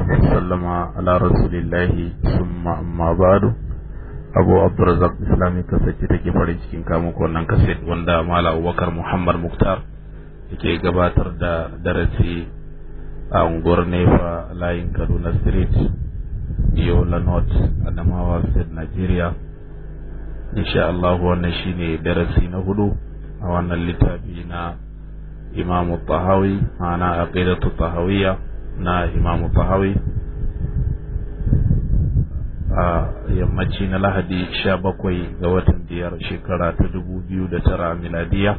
الله وسلم على رسول الله ثم ما بعد abu abdurrazak islamic kasar ce take farin cikin kamo wannan kaset wanda mala wakar muhammad muktar yake gabatar da darasi a unguwar nefa layin kaduna street yola north adamawa state nigeria insha Allah wannan shine darasi na hudu a wannan littafi na imamu tahawi ma'ana aqidatu tahawiyya na imamu fahawi a yammaci na lahadi sha bakwai ga watan biyar shekara ta dubu biyu da tara miladiya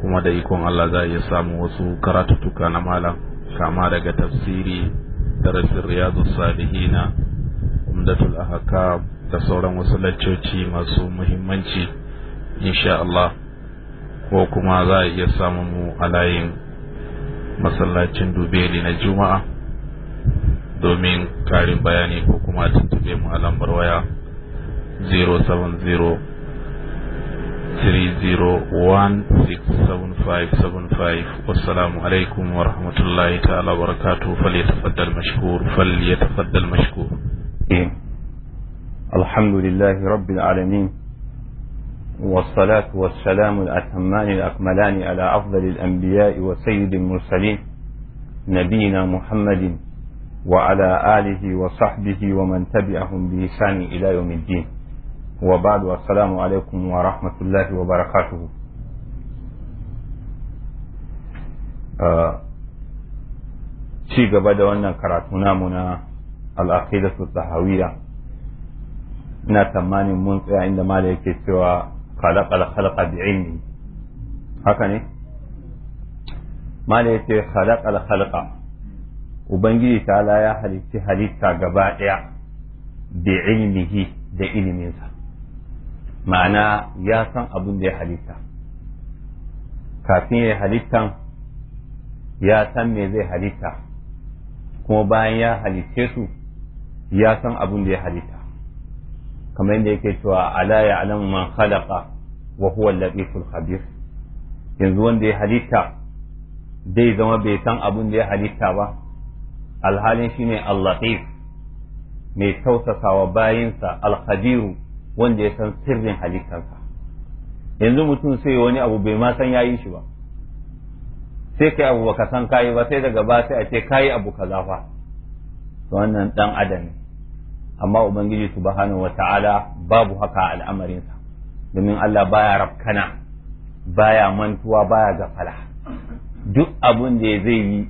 kuma da ikon Allah za a iya samu wasu karatattuka na malam kama daga tafsiri darasin salihi na umdatul ahaka da sauran wasu laccoci masu muhimmanci insha Allah ko kuma za a iya samun mu a layin masallacin dubeli na juma'a domin karin bayani ko kuma tuntube mu a lambar waya 070-301-67575 wassalamu alaikum wa rahmatullahi ta'ala wa barakatu falle tafaddal mashkur falle tafaddal mashkur alhamdulillahi rabbil alamin والصلاة والسلام الأتمان الأكملان على أفضل الأنبياء وسيد المرسلين نبينا محمد وعلى آله وصحبه ومن تبعهم بإحسان إلى يوم الدين وبعد والسلام عليكم ورحمة الله وبركاته آه، شيء gaba أن wannan karatu namu na نتمنى tahawiyya ina tsammanin خلق الخلق بعلمه هكذا ما ليتي خلق الخلق ubangiji ta'ala ya halitti halitta gaba ɗaya da ilmihi da iliminsa ma'ana ya san abin da ya halitta kafin ya halittan ya san me zai halitta kuma bayan ya halitte su ya san abin da ya halitta kamar yadda yake cewa ala alam man khalaqa wa huwa al-latiful khabir yanzu wanda ya halitta zai zama bai san abin da ya halitta ba alhalin shine al-latif mai tausasawa bayinsa al khabir wanda ya san sirrin halittarsa yanzu mutum sai wani abu bai ma san yayi shi ba sai kai abu ka san kayi ba sai daga ba sai a ce kayi abu kaza fa to wannan dan adam amma ubangiji subhanahu taala babu haka a al'amarinsa domin Allah baya rafkana baya mantuwa baya gafala duk abun da zai yi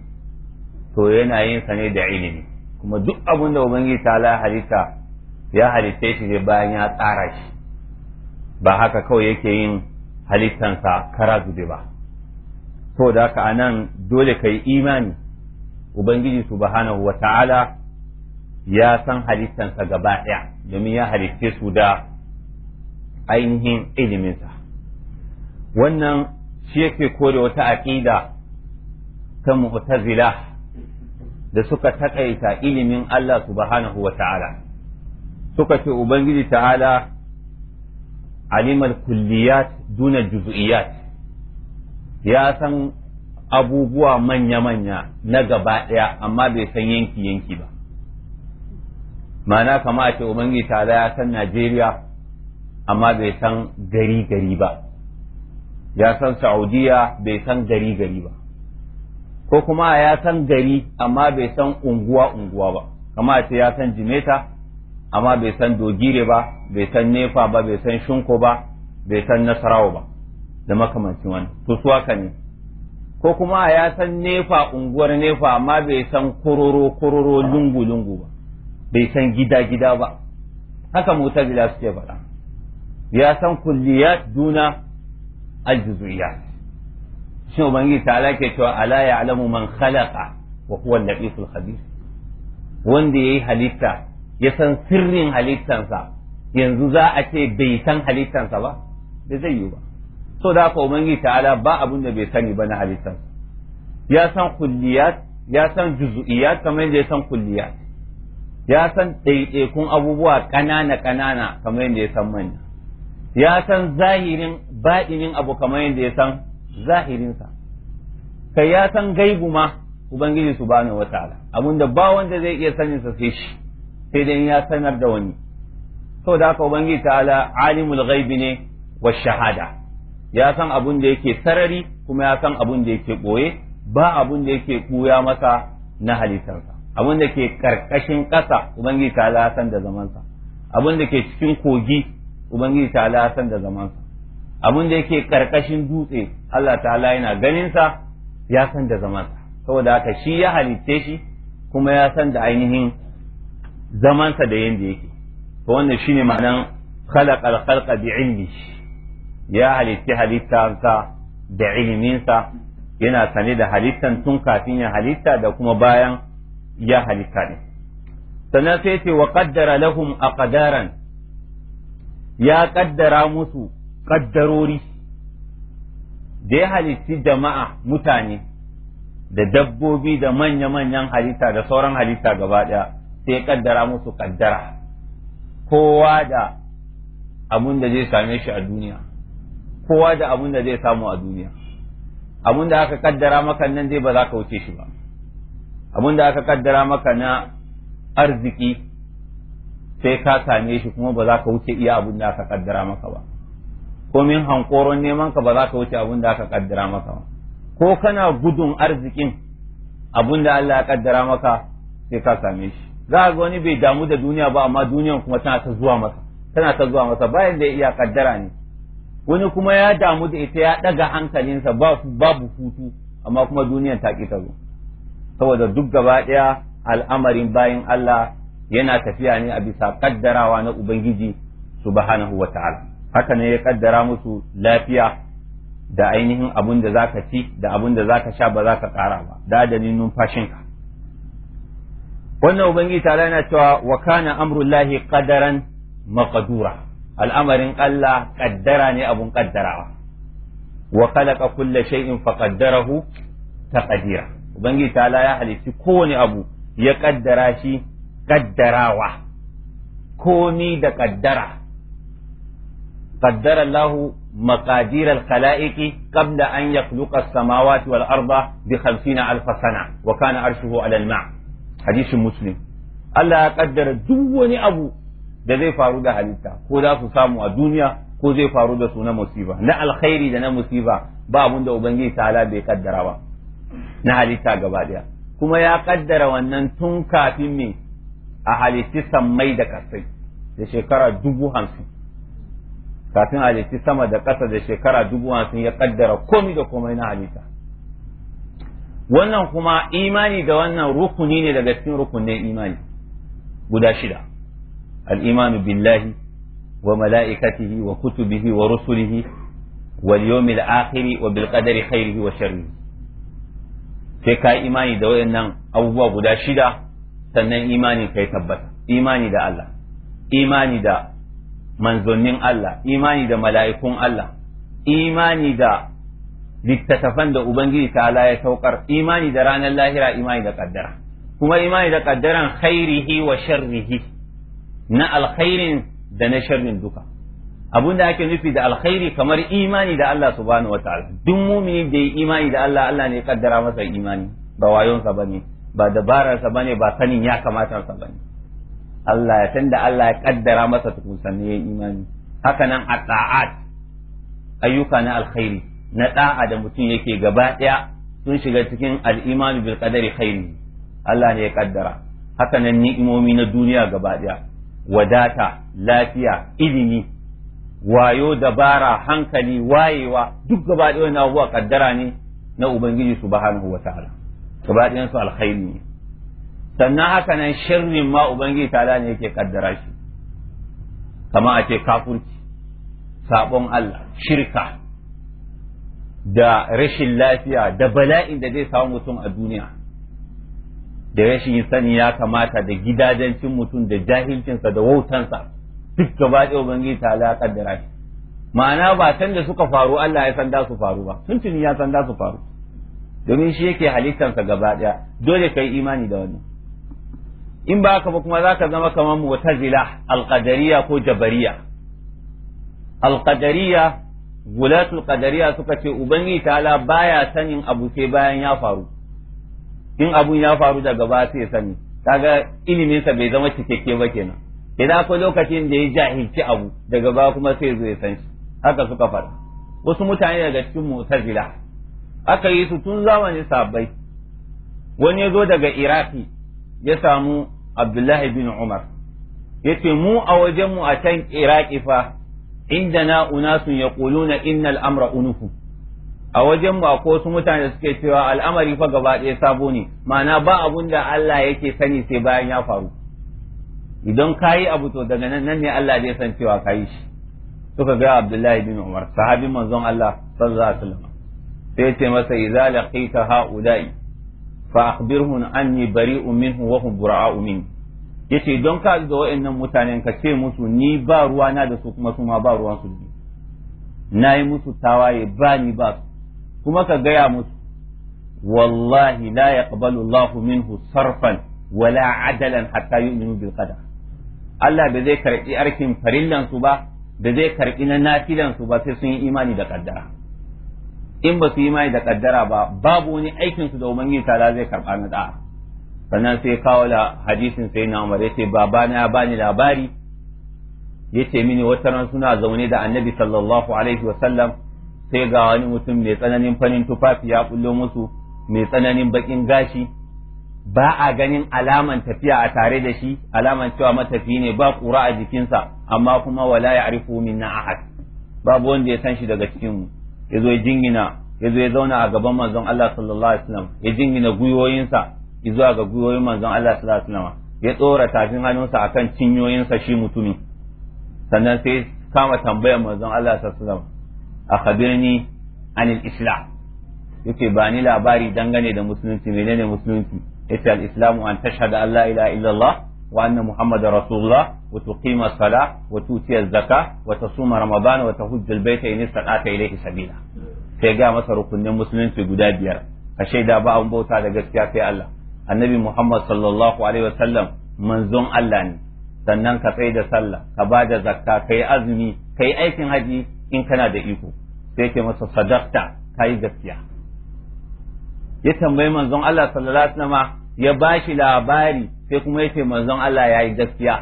to yana yin sa ne da ilimi kuma duk abun da ubangiji ta'ala halitta ya halitta shi ne bayan ya tsara shi ba haka kawai yake yin halittansa kara zube ba da haka anan dole ka yi imani ubangiji subhanahu taala. ya san halittansa gaba ɗaya domin ya halicce su da ainihin iliminsa wannan shi yake kore wata aƙida ta mu'tazila da suka taƙaita ilimin Allah subhanahu wa ta'ala suka ce Ubangiji ta'ala alimal kulliyat duna Juzu'iyat ya san abubuwa manya-manya na gaba ɗaya amma bai san yanki-yanki ba ma'ana kama a ce ubangiji ta ya san najeriya amma bai san gari gari ba ya san saudiya bai san gari gari ba ko kuma ya san gari amma bai san unguwa unguwa ba kama a ce ya san jimeta amma bai san dogire ba bai san nefa ba bai san shinko ba bai san nasarawa ba da makamancin wani to su haka ne ko kuma ya san nefa unguwar nefa amma bai san kororo kororo lungu lungu ba bai san gida-gida ba haka mutazila suke faɗa ya san kulliyat duna ajzuyat shi ubangiji ta ke cewa ala alamu man khalaqa wa huwa al-latiful khabir wanda yayi halitta ya san sirrin halittansa yanzu za a ce bai san halittansa ba da zai yi ba so da haka ubangiji ala ba abin da bai sani ba na halittansa ya san kulliyat ya san juzu'iyat kamar yadda ya san kulliyat ya san ɗaiɗaikun abubuwa ƙanana ƙanana kamar yadda ya san manya ya san zahirin baɗinin abu kamar yadda ya san zahirinsa kai ya san gaibu ma ubangiji bani wataala abinda ba wanda zai iya sanin sa sai shi sai dai ya sanar da wani saboda haka ubangiji ta'ala alimul ghaibi ne wa shahada ya san abun da yake sarari kuma ya san abun da yake boye ba abun da yake ɓuya masa na halittarsa abin da ke karkashin ƙasa ubangiji ta ala da zamansa abin da ke cikin kogi ubangiji ta ala da zamansa abin da yake karkashin dutse Allah ta'ala yana ganinsa ya san da zamansa saboda haka shi ya halitte shi kuma ya san da ainihin zamansa da yanda yake to wannan shine ma'anan khalaqal khalqa bi ilmi ya halitti halittarsa da ilminsa yana sane da halittan tun kafin ya halitta da kuma bayan ya halitta ne sannan sai ce wa kaddara lahum kadaran ya kaddara musu kaddarori da ya halitti jama'a mutane da dabbobi da manya-manyan halitta da sauran halitta gaba ɗaya sai ya kaddara musu kaddara kowa da abun da zai same shi a duniya kowa da abun da zai samu a duniya abun da aka kaddara maka nan zai ba za ka wuce shi ba abin da aka kaddara maka na arziki sai ka same shi kuma ba za ka wuce iya abin da aka kaddara maka ba komin hankoron neman ka ba za ka wuce abin da aka kaddara maka ba ko kana gudun arzikin abin da Allah ya kaddara maka sai ka same shi za ga wani bai damu da duniya ba amma duniyan kuma tana ta zuwa masa tana ta zuwa masa bayan da iya kaddara ne wani kuma ya damu da ita ya daga hankalinsa babu hutu amma kuma duniyan ta ki ta zo saboda duk gaba ɗaya al'amarin bayan Allah yana tafiya ne a bisa ƙaddarawa na Ubangiji subhanahu wa ta'ala haka ne ya ƙaddara musu lafiya da ainihin abun da zaka ci da abun da za ka sha ba ka ƙara ba da adadin numfashinka wannan ubangiji ta yana cewa wa kana amrullahi ƙaddaran Makadura al'amarin Allah ƙaddara ne abun ƙaddarawa wa khalaqa kulla shay'in ta ƙadira. ubangiji Tala ya halitti kowane abu ya kaddara shi kaddarawa komi da kaddara قدر الله مقادير الخلائق قبل أن يخلق السماوات والأرض بخمسين ألف سنة وكان عرشه على الماء حديث مسلم ألا قدر دون أبو da zai faru da halitta ko za su samu a duniya ko zai faru da su na musiba na alkhairi da na musiba ba da ubangiji bai kaddara ba na halitta gaba daya kuma ya kaddara wannan tun kafin me a halitti sammai da kasai da shekara dubu hamsin kafin halitti sama da ƙasa da shekara dubu hamsin ya kaddara komi da komai na halitta wannan kuma imani da wannan rukuni ne daga cikin rukunin imani guda shida al'imanu billahi wa mala'ikatihi wa kutubihi wa rusulihi wal yawmil akhiri wa bil qadari khairihi wa sharrihi sai ka imani da waɗannan abubuwa guda shida sannan imani kai tabbata imani da Allah imani da manzonnin Allah imani da mala'ikun Allah imani da littattafan da Ubangiji ta ya saukar imani da ranar lahira imani da kaddara kuma imani da kaddaran khairihi wa sharrihi na alkhairin da na sharrin duka abin da ake nufi da alkhairi kamar imani da Allah subhanahu wataala duk mumini da yi imani da Allah Allah ne ya kaddara masa imani ba wayonsa bane ba dabararsa bane ba sanin ya kamata sa bane Allah ya tanda Allah ya kaddara masa tukunsanne ya imani haka nan a ayyuka na alkhairi na da'a da mutum yake gaba daya sun shiga cikin al'imani bil qadari khairi Allah ne ya kaddara haka nan ni'imomi na duniya gaba daya wadata lafiya ilimi wayo dabara hankali wayewa duk gaba ɗaya wani abubuwa kaddara ne na ubangiji subhanahu wa ta'ala gaba su alkhairi ne sannan haka nan sharrin ma ubangiji ta'ala ne yake kaddara shi Kamar a ce kafurci sabon Allah shirka da rashin lafiya da bala'in da zai samu mutum a duniya da rashin sani ya kamata da gidajencin mutum da jahilcinsa da wautansa duk gaba ɗaya ubangiji ta ala kaddara shi ma'ana ba san da suka faru Allah ya san da su faru ba sun tuni ya san da su faru domin shi yake halittansa gaba ɗaya dole kai imani da wannan in ba haka ba kuma za ka zama kamar mu'tazila alƙadariya ko jabariya Alƙadariya gulatul qadariya suka ce ubangiji ta'ala baya sanin abu sai bayan ya faru in abun ya faru daga ba sai sani kaga iliminsa bai zama cikakke ba kenan Ina akwai lokacin da ya jahilci abu daga ba kuma sai zo san shi haka suka faɗa wasu mutane daga cikin mu'tazila aka yi su tun zamanin sabbai wani ya zo daga iraki ya samu abdullahi bin umar Yace mu a wajenmu a can iraki fa inda na unasun ya na innal amra unuku a wajen ba ko su mutane da suke cewa al'amari fa gaba ɗaya sabo ne ma'ana ba abun da Allah yake sani sai bayan ya faru idan ka yi abu to daga nan nan ne Allah zai san cewa ka yi shi suka ga Abdullahi bin Umar sahabin manzon Allah sallallahu alaihi wasallam sai ce masa idza laqita haula'i fa akhbirhum anni bari'un minhu wa hum bura'u minni yace don ka ga wa'annan mutanen ka ce musu ni ba ruwana da su kuma su ma ba ruwan su na yi musu tawaye ba ni ba su kuma ka gaya musu wallahi la yaqbalu Allahu minhu sarfan wala adalan hatta yu'minu bil Allah ba zai karɓi arkin farillan su ba da zai karɓi na nafilan su ba sai sun yi imani da kaddara in ba su yi imani da kaddara ba babu wani aikin su da ubangiji la zai karɓa na da'a sannan sai kawo da hadisin sai na umar yace babana ya bani labari yace mini wata ran suna zaune da annabi sallallahu alaihi wa sallam sai ga wani mutum mai tsananin farin tufafi ya kullo musu mai tsananin bakin gashi ba a ganin alaman tafiya a tare da shi alaman cewa matafi ne ba ƙura a jikinsa amma kuma wala ya arifu na ahad babu wanda ya san shi daga cikin mu ya zo ya jingina ya zo ya zauna a gaban manzon Allah sallallahu alaihi wasallam ya jingina gwiwoyinsa zo ga gwiwoyin manzon Allah sallallahu alaihi wasallam ya tsora tafin hannunsa akan cinyoyinsa shi mutumin sannan sai kama tambayar manzon Allah sallallahu alaihi wasallam akhbirni anil islam yace ba ni labari dangane da musulunci menene musulunci yace al-islamu an tasha da allah ilaha illallah wa anna muhammadar rasulullah wa tuqima as-salah wa tuti az-zakah wa tasuma ramadan wa tahujja al-bayta in istata'ta ilayhi sabila sai ga masa rukunin musulunci guda biyar a shaida ba an bauta da gaskiya sai Allah annabi muhammad sallallahu alaihi wasallam manzon Allah ne sannan ka tsai da sallah ka ba da zakka kai azumi kai aikin hajji in kana da iko sai ke masa sadaqta kai gaskiya ya tambayi manzon Allah sallallahu alaihi wasallam ya bashi labari sai kuma yace manzon Allah yayi gaskiya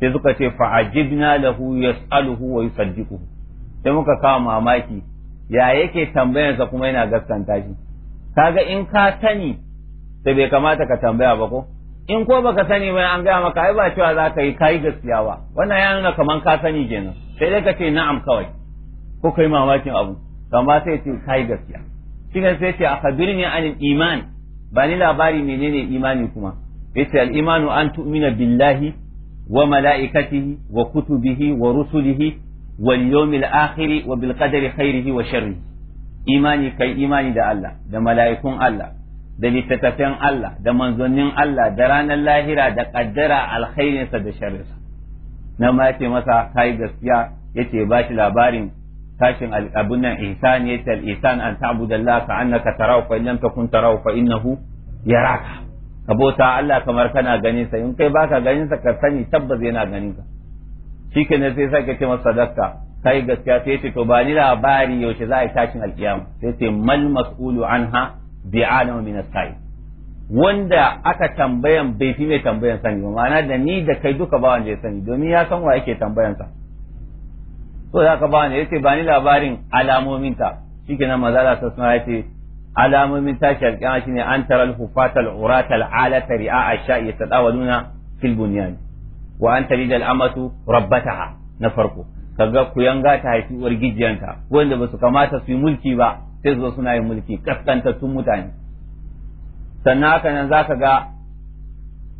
sai suka ce fa'ajibna lahu yas'aluhu wa yusaddiquhu sai muka kawo mamaki ya yake tambayarsa kuma yana gaskanta shi kaga in ka sani sai bai kamata ka tambaya ba ko in ko baka sani ba an gaya maka ai ba cewa za ka yi kai gaskiya ba wannan ya nuna kaman ka sani kenan sai dai ka ce na'am kawai ko kai mamakin abu kamar sai ce kayi gaskiya cikin sai ce akhbirni an iman ba ni labari menene imani kuma yace al imanu an tu'mina billahi wa mala'ikatihi wa kutubihi wa rusulihi wal yawmil akhir wa bil qadari khairihi wa sharri imani kai imani da Allah da mala'ikun Allah da littattafan Allah da manzonin Allah da ranar lahira da kaddara alkhairinsa da sharrinsa na ma yace masa kai gaskiya yace ba shi labarin tashin abun nan ihsan yace al ihsan an ta'budallaha ka'annaka tarahu fa in lam takun tarahu fa innahu yaraka kabota Allah kamar kana ganin sa in kai baka ganin sa ka sani tabbas yana ganin ka shikenan sai sai ka ce masa sadaka kai gaskiya sai ce to ba ni labari yaushe za a yi tashin alkiyama sai ce mal mas'ulu anha bi'alam min as-sa'i wanda aka tambayan bai fi mai tambayan sani ba ma'ana da ni da kai duka ba wanda ya sani domin ya san wa yake tambayan sa so da ka bani yace ba ni labarin alamomin ta shikenan maza za ta suna yace alamomin ta shi alƙiyama shine an taral hufatal uratal alata ri'a asha yatadawaluna fil bunyan wa an talida al'amatu rabbataha na farko kaga yanga ta haifi uwar gijiyanta wanda ba su kamata su yi mulki ba sai su suna yin mulki sun mutane sannan haka nan za ka ga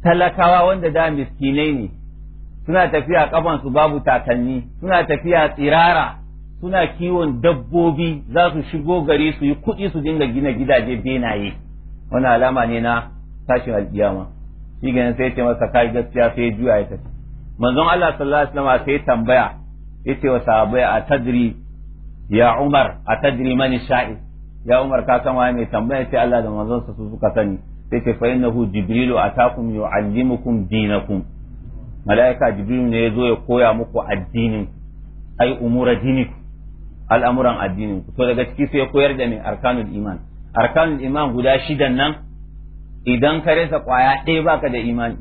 talakawa wanda da miskinai ne suna tafiya kafansu babu takalmi suna tafiya tsirara suna kiwon dabbobi za su shigo gari su yi kuɗi su dinga gina gidaje benaye wani alama ne na tashin alƙiyama shi ga sai ce masa kai gaskiya sai juya ya tafi manzon Allah sallallahu alaihi wasallam sai tambaya yace wa sahabbai a tadri ya Umar a tadri mani sha'i ya Umar ka san waye mai tambaya sai Allah da manzon sa su suka sani yace ce fa innahu jibrilu atakum yu'allimukum dinakum mala'ika jibril ne ya zo ya koya muku addinin ai umura dini al'amuran addinin ku to daga ciki sai ya koyar da mai arkanul iman arkanul iman guda shidan nan idan ka rasa kwaya ɗaya baka da imani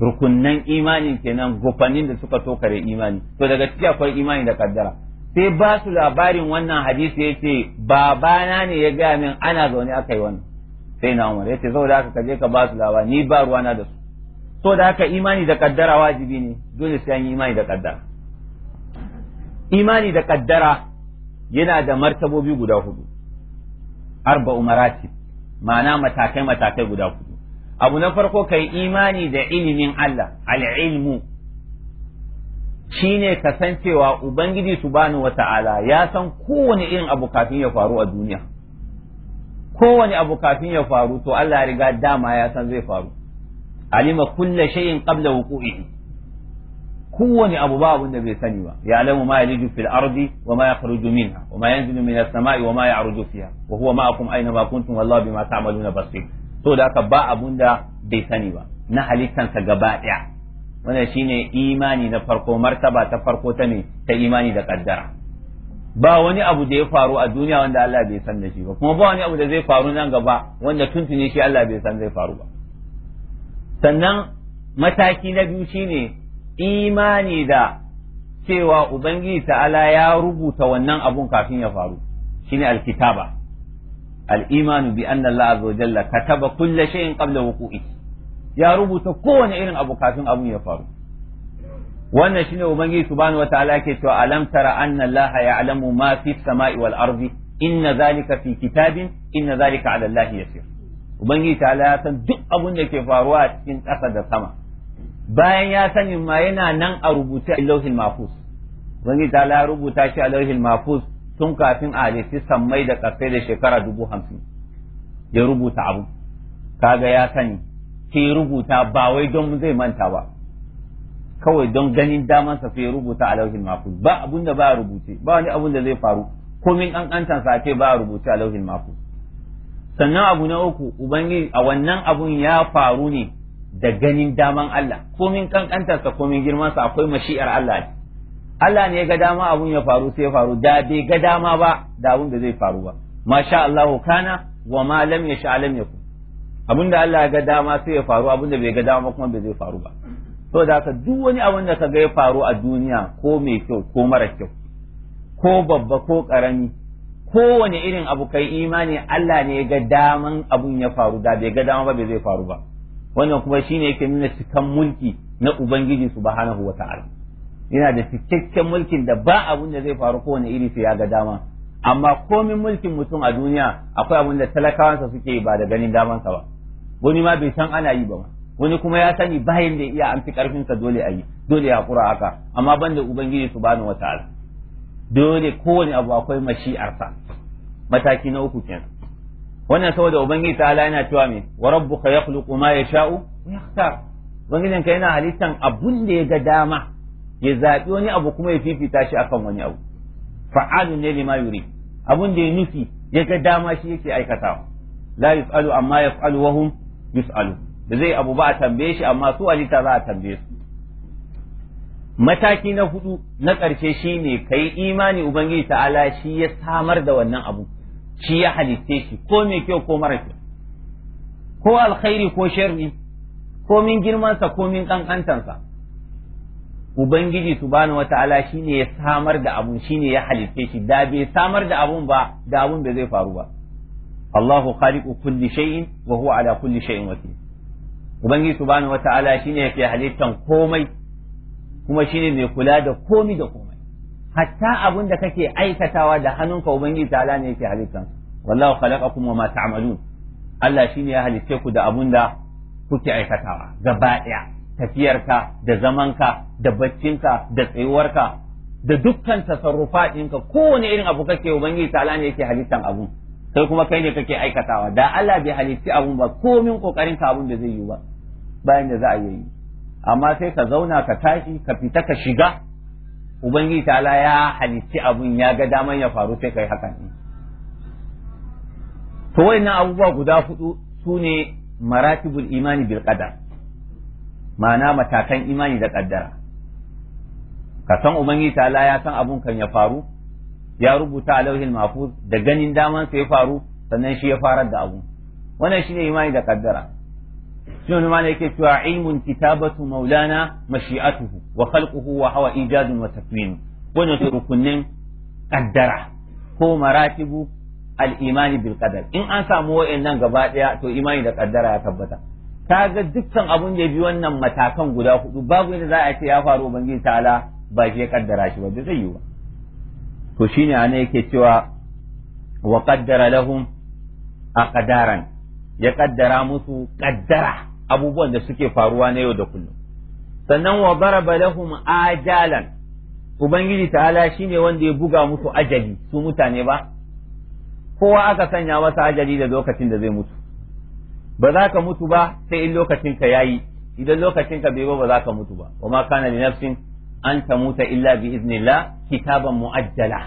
rukunnan imani kenan gufannin da suka to kare imani to daga ciki akwai imani da kaddara sai ba su labarin wannan hadisi ya ce babana ne ya gaya min ana zaune aka yi wannan sai na umar ya ce saboda haka ka je ka ba su labari ni ba ruwana da su so da haka imani da kaddara wajibi ne dole sai an yi imani da kaddara imani da kaddara yana da martabobi guda hudu arba umarati ma'ana matakai matakai guda hudu abu na farko kai imani da ilimin Allah al-ilmu shine kasancewa ubangiji subhanahu wata'ala ya san kowane irin abu kafin ya faru a duniya kowane abu kafin ya faru to Allah ya riga dama ya san zai faru alima kulla shay'in qabla wuqu'ihi kowane abu ba abin da bai sani ba ya alamu ma yaliju fil ardi wa ma yakhruju minha wa ma yanzilu minas sama'i wa ma ya'ruju fiha wa huwa ma'akum aina ma kuntum wallahu bima ta'maluna basir to da haka ba abun da bai sani ba na halittansa gaba daya wannan shine imani na farko martaba ta farko ta ne ta imani da kaddara ba wani abu da ya faru a duniya wanda Allah bai san da shi ba kuma ba wani abu da zai faru nan gaba wanda tuntuni shi Allah bai san zai faru ba sannan mataki na biyu shine imani da cewa ubangiji ta'ala ya rubuta wannan abun kafin ya faru shine alkitaba al'imanu bi anna Allah azza jalla kataba kulla shay'in qabla wuqu'i ya rubuta kowane irin abu kafin abun ya faru wannan shine ubangiji subhanahu wataala yake cewa alam tara anna Allah ya'lamu ma fi samai wal ardi inna zalika fi kitabin inna zalika ala Allah yasir ubangiji ta ya san duk abin da ke faruwa a cikin ƙasa da sama bayan ya sani ma yana nan a rubuta a lauhin mafus ubangiji ta ya rubuta shi a lauhin mafus tun kafin a halitti sammai da ƙasai da shekara dubu hamsin ya rubuta abu kaga ya sani ke rubuta ba wai don zai manta ba kawai don ganin daman sa sai rubuta a lauhin mafus ba abun da ba rubuce ba wani abun da zai faru komin ƙanƙantar sa ce ba rubuce a lauhin mafus sannan abu na uku ubangiji a wannan abun ya faru ne da ganin daman Allah komin kankantarsa komin girmansa akwai mashi'ar Allah ne Allah ne ya ga dama abun ya faru sai ya faru da bai ga dama ba da abun da zai faru ba masha Allahu kana wa ma lam yasha lam yakun abun da Allah ya ga dama sai ya faru abun da bai ga dama kuma bai zai faru ba to da haka duk wani abun da ka ga ya faru a duniya ko mai kyau ko mara kyau ko babba ko karami kowane irin abu kai imani Allah ne ya ga daman abun ya faru da bai ga dama ba bai zai faru ba wannan kuma shine yake nuna cikan mulki na ubangiji subhanahu wata'ala yana da cikakken mulkin da ba abun da zai faru kowane iri sai ya ga dama amma komin mulkin mutum a duniya akwai abun da talakawansa suke ba da ganin damansa ba wani ma bai san ana yi ba wani kuma ya sani bayan da iya an fi karfinsa dole a yi dole ya kura haka amma banda ubangiji subhanahu wata'ala dole kowane abu akwai mashi'arsa mataki na uku kenan wannan saboda ubangiji ala yana cewa me wa rabbuka yakhluqu ma yasha'u wa yakhtar ubangijin ka yana halittan abun da ya ga dama ya zabi wani abu kuma ya fifita shi akan wani abu fa'alu ne lima yuri abun da ya nufi ya ga dama shi yake aikata la yus'alu amma yaf'alu wa hum yus'alu da zai abu ba a tambaye shi amma su alita za a tambaye su mataki na hudu na ƙarshe shi ka kai imani ubangiji ta'ala shi ya samar da wannan abu shi ya halitte shi ko mai kyau ko mara kyau ko alkhairi ko sharri ko min girmansa ko min ƙanƙantansa ubangiji subhanahu shi ne ya samar da abun ne ya halitte shi da bai samar da abun ba da abun bai zai faru ba Allahu khaliqu kulli shay'in wa huwa ala kulli shay'in wakil ubangiji subhanahu wata'ala shine yake halittan komai kuma shine mai kula da komi da komai hatta abin da kake aikatawa da hannunka ubangiji ta'ala ne yake halittan wallahu khalaqakum wa ma ta'malun Allah shine ya halicce ku da abin da kuke aikatawa gaba daya tafiyarka da zamanka da baccinka da tsayuwarka da dukkan tasarrufa ɗinka kowane irin abu kake ubangiji ta'ala ne yake halittan abun sai kuma kai ne kake aikatawa da Allah bai halitti abun ba komin kokarin ka abun da zai yiwu ba bayan da za a yi amma sai ka zauna ka tashi ka fita ka shiga ubangiji ta'ala ya halicci abun ya ga daman ya faru sai kai hakan ne to wayannan abubuwa guda hudu sune maratibul imani bil qadar ma'ana matakan imani da kaddara ka san ubangiji ta'ala ya san abun kan ya faru ya rubuta a lauhin maku, da ganin daman sai ya faru sannan shi ya farar da abu wannan shine imani da kaddara shi wani malai yake cewa ilmun kitabatu maulana mashi'atuhu wa khalquhu wa hawa ijadun wa takwin wannan su rukunin kaddara ko maratibu al-imani bil in an samu wayannan gaba daya to imani da kaddara ya tabbata kaga dukkan abun da ya bi wannan matakan guda huɗu. babu yadda za a ce ya faru ubangiji ta'ala ba shi ya kaddara shi ba zai yi ba to shine ana yake cewa wa a lahum aqdaran ya kaddara musu kaddara abubuwan da suke faruwa na yau da kullum sannan wa daraba lahum ajalan ubangiji ta'ala shine wanda ya buga musu ajali su mutane ba kowa aka sanya masa ajali da lokacin da zai mutu ba za ka mutu ba sai in lokacin ka yayi idan lokacin ka bai ba ba za ka mutu ba wa ma kana li nafsin an muta illa bi iznillah kitaban muajjala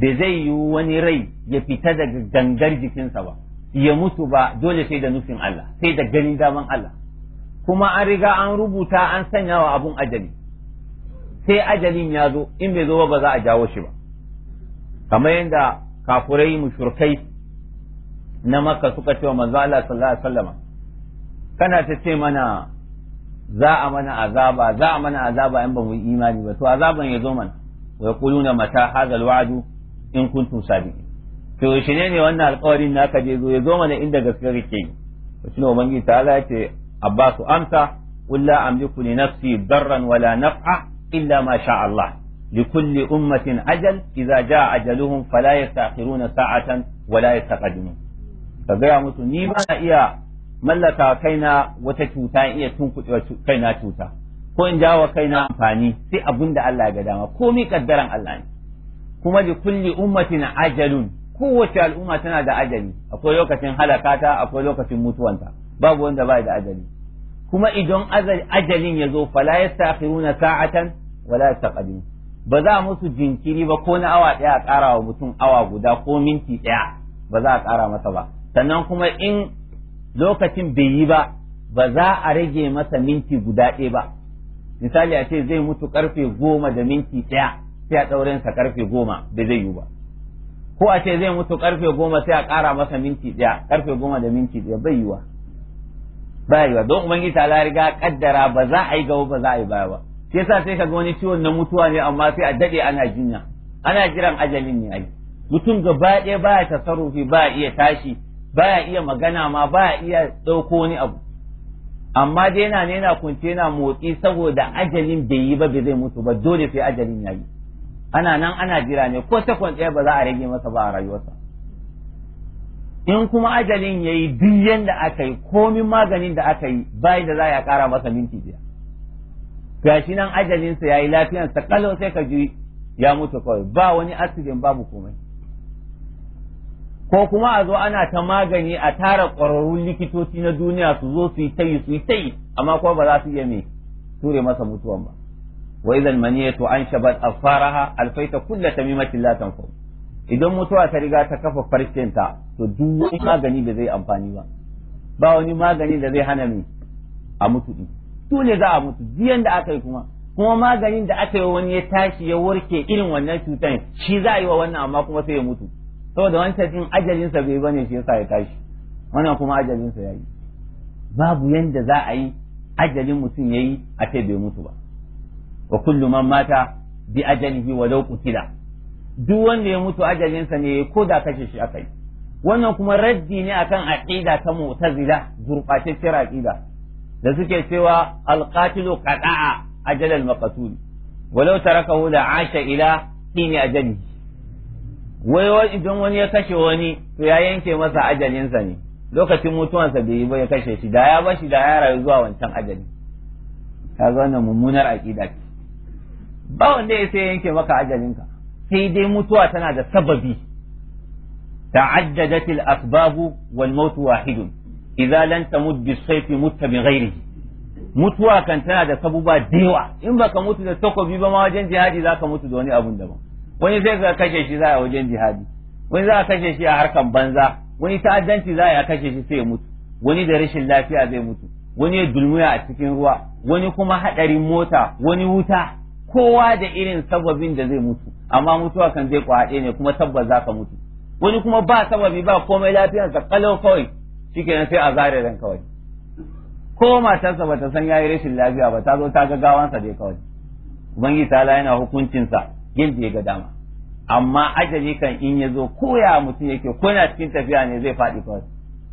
bai zai yi wani rai ya fita daga gangar jikinsa ba ya mutu ba dole sai da nufin Allah sai da ganin daman Allah kuma an riga an rubuta an sanya wa abun ajali sai ajalin ya zo in bai zo ba za a jawo shi ba kamar yadda kafurai mushurkai na makka suka ce wa manzo Allah sallallahu alaihi wasallam kana ta ce mana za a mana azaba za a mana azaba in ba mu imani ba to azaban ya zo mana wa yaquluna mata hadha alwa'du in kuntum sabiqin to shi ne wannan alƙawarin naka je zo ya zo mana inda gaskiya yake yi shi ne ubangiji ta ce abbasu amsa qul la amliku li nafsi darran wala naf'a illa ma sha Allah لكل أمة أجل إذا جاء أجلهم فلا يستأخرون ساعة ولا ka فقال mutu ni ba na iya mallaka kaina wata cuta in iya tunkuɗe kaina cuta ko in jawo kaina amfani sai abin da Allah ga dama komai kaddaran Allah ne kuma li kulli ummatin ajalun kowace al'umma tana da ajali akwai lokacin halakata akwai lokacin mutuwanta babu wanda bai da ajali kuma idan ajalin ya zo fala yastakhiruna sa'atan wala taqadim ba za musu jinkiri ba ko na awa daya a ƙara wa mutum awa guda ko minti daya ba za a ƙara masa ba sannan kuma in lokacin bai yi ba ba za a rage masa minti guda ɗaya ba misali a ce zai mutu karfe goma da minti ɗaya sai a ɗaurensa karfe goma bai zai yi ba ko a ce zai mutu karfe goma sai a ƙara masa minti ɗaya karfe goma da minti ɗaya bai yiwa bai yiwa don ubangiji ta riga kaddara ba za a yi gaba ba za a yi baya ba shi yasa sai ka ga wani ciwon na mutuwa ne amma sai a daɗe ana jinya ana jiran ajalin ne ai mutum gaba ɗaya baya tasarrufi baya iya tashi baya iya magana ma baya iya ɗauko wani abu amma dai yana ne yana kunce yana motsi saboda ajalin bai yi ba bai zai mutu ba dole sai ajalin ya yi ana nan ana jira ne ko takwan ɗaya ba za a rage masa ba a rayuwarsa in kuma ajalin ya yi duk yadda aka yi komin maganin da aka yi bayan da za ya ƙara masa minti biya gashi nan ajalinsa ya yi lafiyarsa kalau sai ka ji ya mutu kawai ba wani asirin babu komai ko kuma a zo ana ta magani a tara ƙwararrun likitoci na duniya su zo su yi tayi su yi tayi amma kuma ba za su iya me ture masa mutuwan ba Wai to an maniyatu anshabat afaraha alfaita kullu tamimatin la tanfu idan mutuwa ta riga ta kafa farcinta to duk wani magani da zai amfani ba ba wani da zai hana mi a mutu dole za a mutu biyan da aka yi kuma kuma maganin da aka yi wani ya tashi ya warke irin wannan cutan shi za a yi wa wannan amma kuma sai ya mutu saboda wancan din ajalinsa bai bane shi yasa ya tashi wannan kuma ajalinsa ya yi babu yadda za a yi ajalin mutum ya yi a ce bai mutu ba wa kullu man mata bi ajalihi wa law qutila duk wanda ya mutu ajalinsa ne ko da kashe shi akai wannan kuma raddi ne akan aqida ta mu'tazila gurbatacciyar aqida da suke cewa alqatilu qata'a ajal al-maqtul walau tarakahu la 'asha ila qini ajalihi wai idan wani ya kashe wani to ya yanke masa ajalinsa ne lokacin mutuwansa bai yi ba ya kashe shi da ya bashi da ya rayu zuwa wancan ajali kaga wannan mummunar aqida ba wanda ya sai yanke maka ajalinka sai dai mutuwa tana da sababi ta'addadat al-asbab wal maut wahid idza lan mutta bi ghairihi mutuwa kan tana da sabuba da yawa in baka mutu da takobi ba ma wajen jihadi zaka mutu da wani abun daban wani sai ka kashe shi za a wajen jihadi wani za a kashe shi a harkan banza wani ta'addanci za a kashe shi sai ya mutu wani da rashin lafiya zai mutu wani ya dulmuya a cikin ruwa wani kuma hadarin mota wani wuta kowa da irin sababin da zai mutu amma mutuwa kan zai kwaɗe ne kuma tabbas za ka mutu wani kuma ba sababi ba komai lafiyarsa kalau kawai na sai a zare ran kawai ko matarsa ta san ya yi rashin lafiya ba ta zo ta ga gawansa dai kawai ubangiji ta yana hukuncinsa yadda ya ga dama amma ajali kan in ya zo ko ya mutum yake ko yana cikin tafiya ne zai faɗi kawai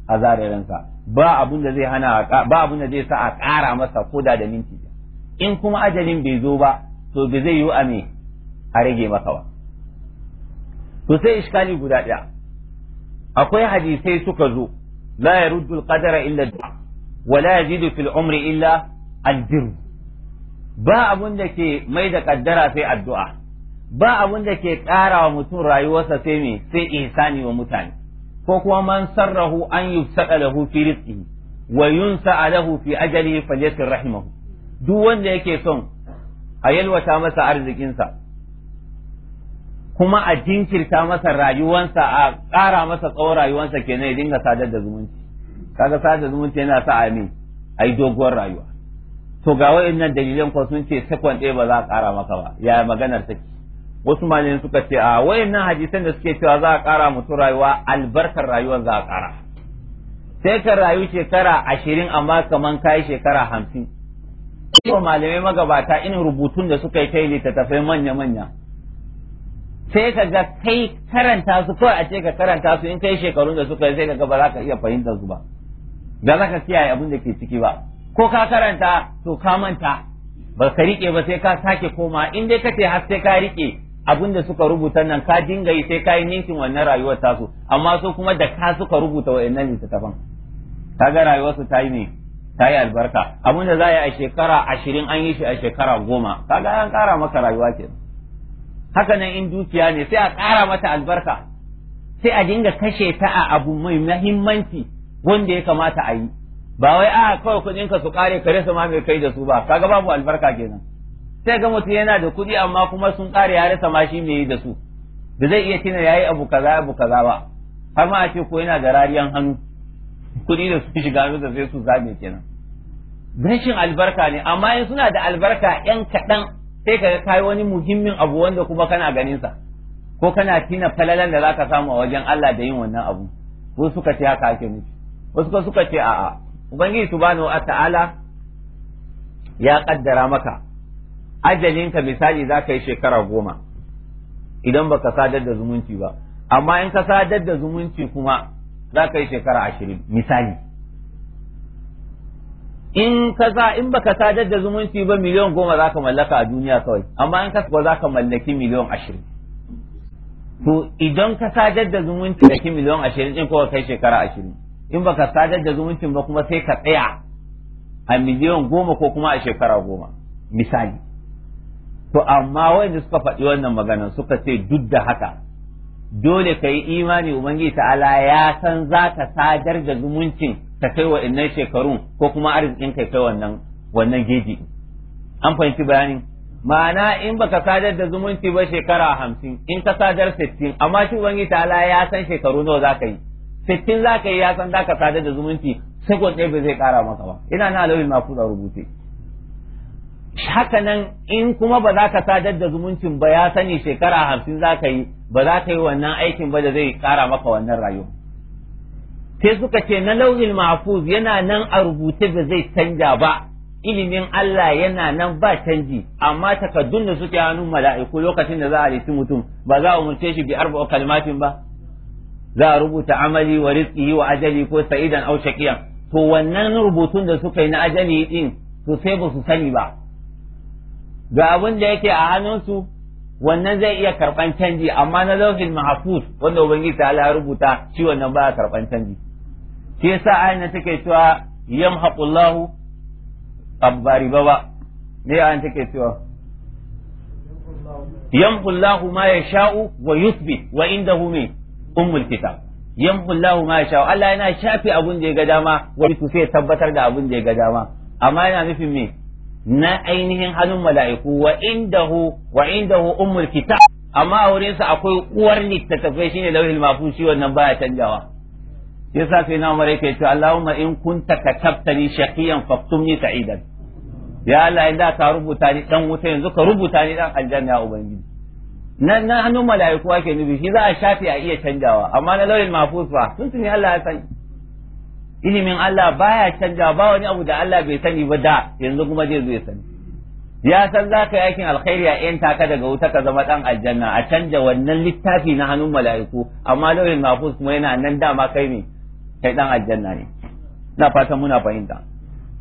a zare ransa ba abun da zai hana ba abun da zai sa a ƙara masa koda da minti in kuma ajalin bai zo ba to bai zai yi a a rage maka ba to sai iskali guda ɗaya akwai hadisai suka zo la yaruddu al-qadara illa du'a wa la yazidu fil umri illa al ba abun da ke mai da kaddara sai addu'a ba abun da ke ƙara wa mutum rayuwarsa sai me sai ihsani wa mutane ko kuma man sarrahu an yusada lahu fi rizqihi wa yunsa lahu fi ajalihi falyatir rahimahu duk wanda yake son a yalwata masa arzikinsa kuma a jinkirta masa rayuwansa a ƙara masa tsawon rayuwansa kenan ya dinga sadar da zumunci kaga sadar da zumunci yana sa amin a yi doguwar rayuwa to ga wayannan dalilan ko sun ce sakon ɗaya ba za a ƙara maka ba ya maganar take wasu malamin suka ce a wayannan hadisan da suke cewa za a ƙara mutum rayuwa albarkar rayuwar za a ƙara sai ka rayu shekara ashirin amma kaman kayi shekara hamsin wa malamai magabata irin rubutun da suka yi kai littattafai manya-manya sai ka ga kai karanta su kawai a ce ka karanta su in kai shekarun da suka yi sai ka ga ba za ka iya fahimtar su ba da za ka kiyaye abin da ke ciki ba ko ka karanta to ka manta ba ka rike ba sai ka sake koma in dai kace har sai ka rike abin da suka rubuta nan ka dinga yi sai ka yi ninkin wannan rayuwar tasu amma su kuma da ka suka rubuta wa'annan littattafan ga rayuwarsu ta yi ne ta yi albarka abin da za a yi a shekara ashirin an yi shi a shekara goma kaga an ƙara maka rayuwa ke haka nan in dukiya ne sai a ƙara mata albarka sai a dinga kashe ta a abu mai mahimmanci wanda ya kamata a yi ba wai a ah, kawai kuɗin ka su ƙare ka rasa ma mai kai da su ba kaga babu albarka kenan sai ga mutum yana da kuɗi amma kuma sun ƙare ya rasa ma shi mai yi da su da zai iya tina yayi abu kaza abu kaza ba har ma a ce ko yana da rariyan hannu kuɗi da sun shiga hannunsa sai su zabe kenan ganshin albarka ne amma in suna da albarka yan kaɗan sai ka kai wani muhimmin abu wanda kuma kana ganin sa ko kana tina falalan da zaka samu a wajen Allah da yin wannan abu ko suka ce haka ake nufi wasu ko suka ce a'a ubangiji subhanahu wa ta'ala ya kaddara maka ajalinka misali zaka yi shekara goma idan baka sadar da zumunci ba amma in ka sadar da zumunci kuma za ka yi shekara ashirin misali in ka za in baka sadar da zumunci ba miliyan goma za ka mallaka a duniya kawai amma in ka za ka mallaki miliyan ashirin to idan ka sadar da zumunci da ki miliyan ashirin in kowa kai shekara ashirin in baka sadar da zumuncin ba kuma sai ka tsaya a miliyan goma ko kuma a shekara goma misali to amma wanda suka faɗi wannan magana suka ce duk da haka dole ka yi imani ubangiji ta'ala ya san za ka sadar da zumuncin ka kai wa innan shekarun ko kuma arzikin ka kai wannan wannan geji an fahimci bayanin ma'ana in baka sadar da zumunci ba shekara hamsin in ka sadar sittin amma shi ubangiji ta'ala ya san shekaru nawa za ka yi sittin za ka yi ya san za ka sadar da zumunci sai ɗaya ba zai kara maka ba ina na ma mafuza rubuce haka nan in kuma ba za ka sadar da zumuncin ba ya sani shekara hamsin za ka yi ba za ta yi wannan aikin ba da zai kara maka wannan rayuwa sai suka ce na lauyin mahfuz yana nan a rubuce da zai canja ba ilimin Allah yana nan ba canji amma takaddun da suke hannun mala'iku lokacin da za a risi mutum ba za a umarce shi bi arba'a kalmatin ba za a rubuta amali wa rizqihi wa ajali ko sa'idan aw shaqiyan to wannan rubutun da suka yi na ajali ɗin to sai ba su sani ba ga abin da yake a hannunsu wannan zai iya karɓan canji amma na lawhil mahfuz wanda ubangiji ta ala rubuta shi wannan ba karɓan canji shi yasa ayan take cewa yamhaqullahu abbari baba ne ayan take cewa yamhullahu ma yasha'u wa yuthbit wa indahu min ummul kitab yamhullahu ma yasha'u Allah yana shafi abun da ya ga dama wa sai tabbatar da abun da ya ga dama amma yana nufin me na ainihin hannun mala'iku wa indahu wa indahu ummul kitab amma a wurinsa akwai uwar littattafai shine lauhil mahfuz shi wannan baya canjawa sa sai na umar yake cewa Allahumma in kunta katabtani shaqiyan faktumni sa'idan ya Allah in da ka rubuta ni dan wuta yanzu ka rubuta ni dan aljanna ya ubangiji nan na hannun mala'iku ake nufi shi za a shafi a iya canjawa amma na lauhil mahfuz fa sun tuni Allah ya sani ilimin Allah baya canja ba wani abu da Allah bai sani ba da yanzu kuma zai zo ya sani ya san za ka yakin alkhairi a yan taka daga wuta ka zama dan aljanna a canja wannan littafi na hannun mala'iku amma lauyin mafus kuma yana nan dama kai ne kai dan aljanna ne na fatan muna fahimta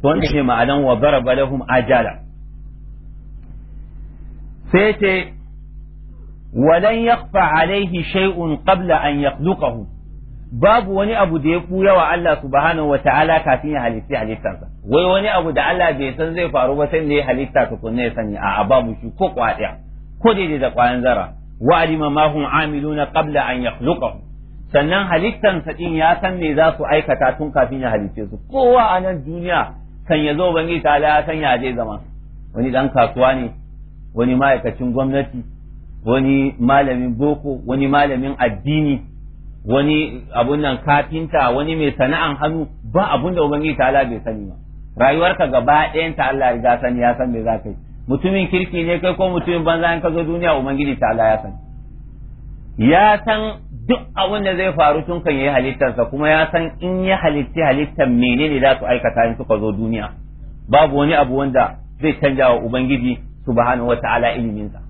to wanda ke ma'anan wa baraba lahum ajala sai ce walan yaqfa alaihi shay'un qabla an yaqduqahu babu wani abu da ya kuya wa Allah subhanahu wa ta'ala kafin ya halitti halittarsa wai wani abu da Allah bai san zai faru ba sai ne halitta tukunne ya sani a babu shi ko kwadiya ko daidai da kwayan zara wa alima ma hum amiluna qabla an yakhluqahu sannan halittansa din ya san me za su aikata tun kafin ya halitte su kowa a nan duniya kan ya zo bangi ta ya san ya zai zama wani dan kasuwa ne wani ma'aikacin gwamnati wani malamin boko wani malamin addini wani abun nan kafinta wani mai sana'an hannu ba abun da ubangiji ta Allah bai sani ba rayuwarka gaba ɗayan ta Allah ya sani ya san me za ka yi mutumin kirki ne kai ko mutumin banza in ka zo duniya ubangiji ta Allah ya sani ya san duk abun da zai faru tun kan yayi halittarsa kuma ya san in ya halitti halittar menene za su aikata in suka zo duniya babu wani abu wanda zai canja wa ubangiji subhanahu wataala iliminsa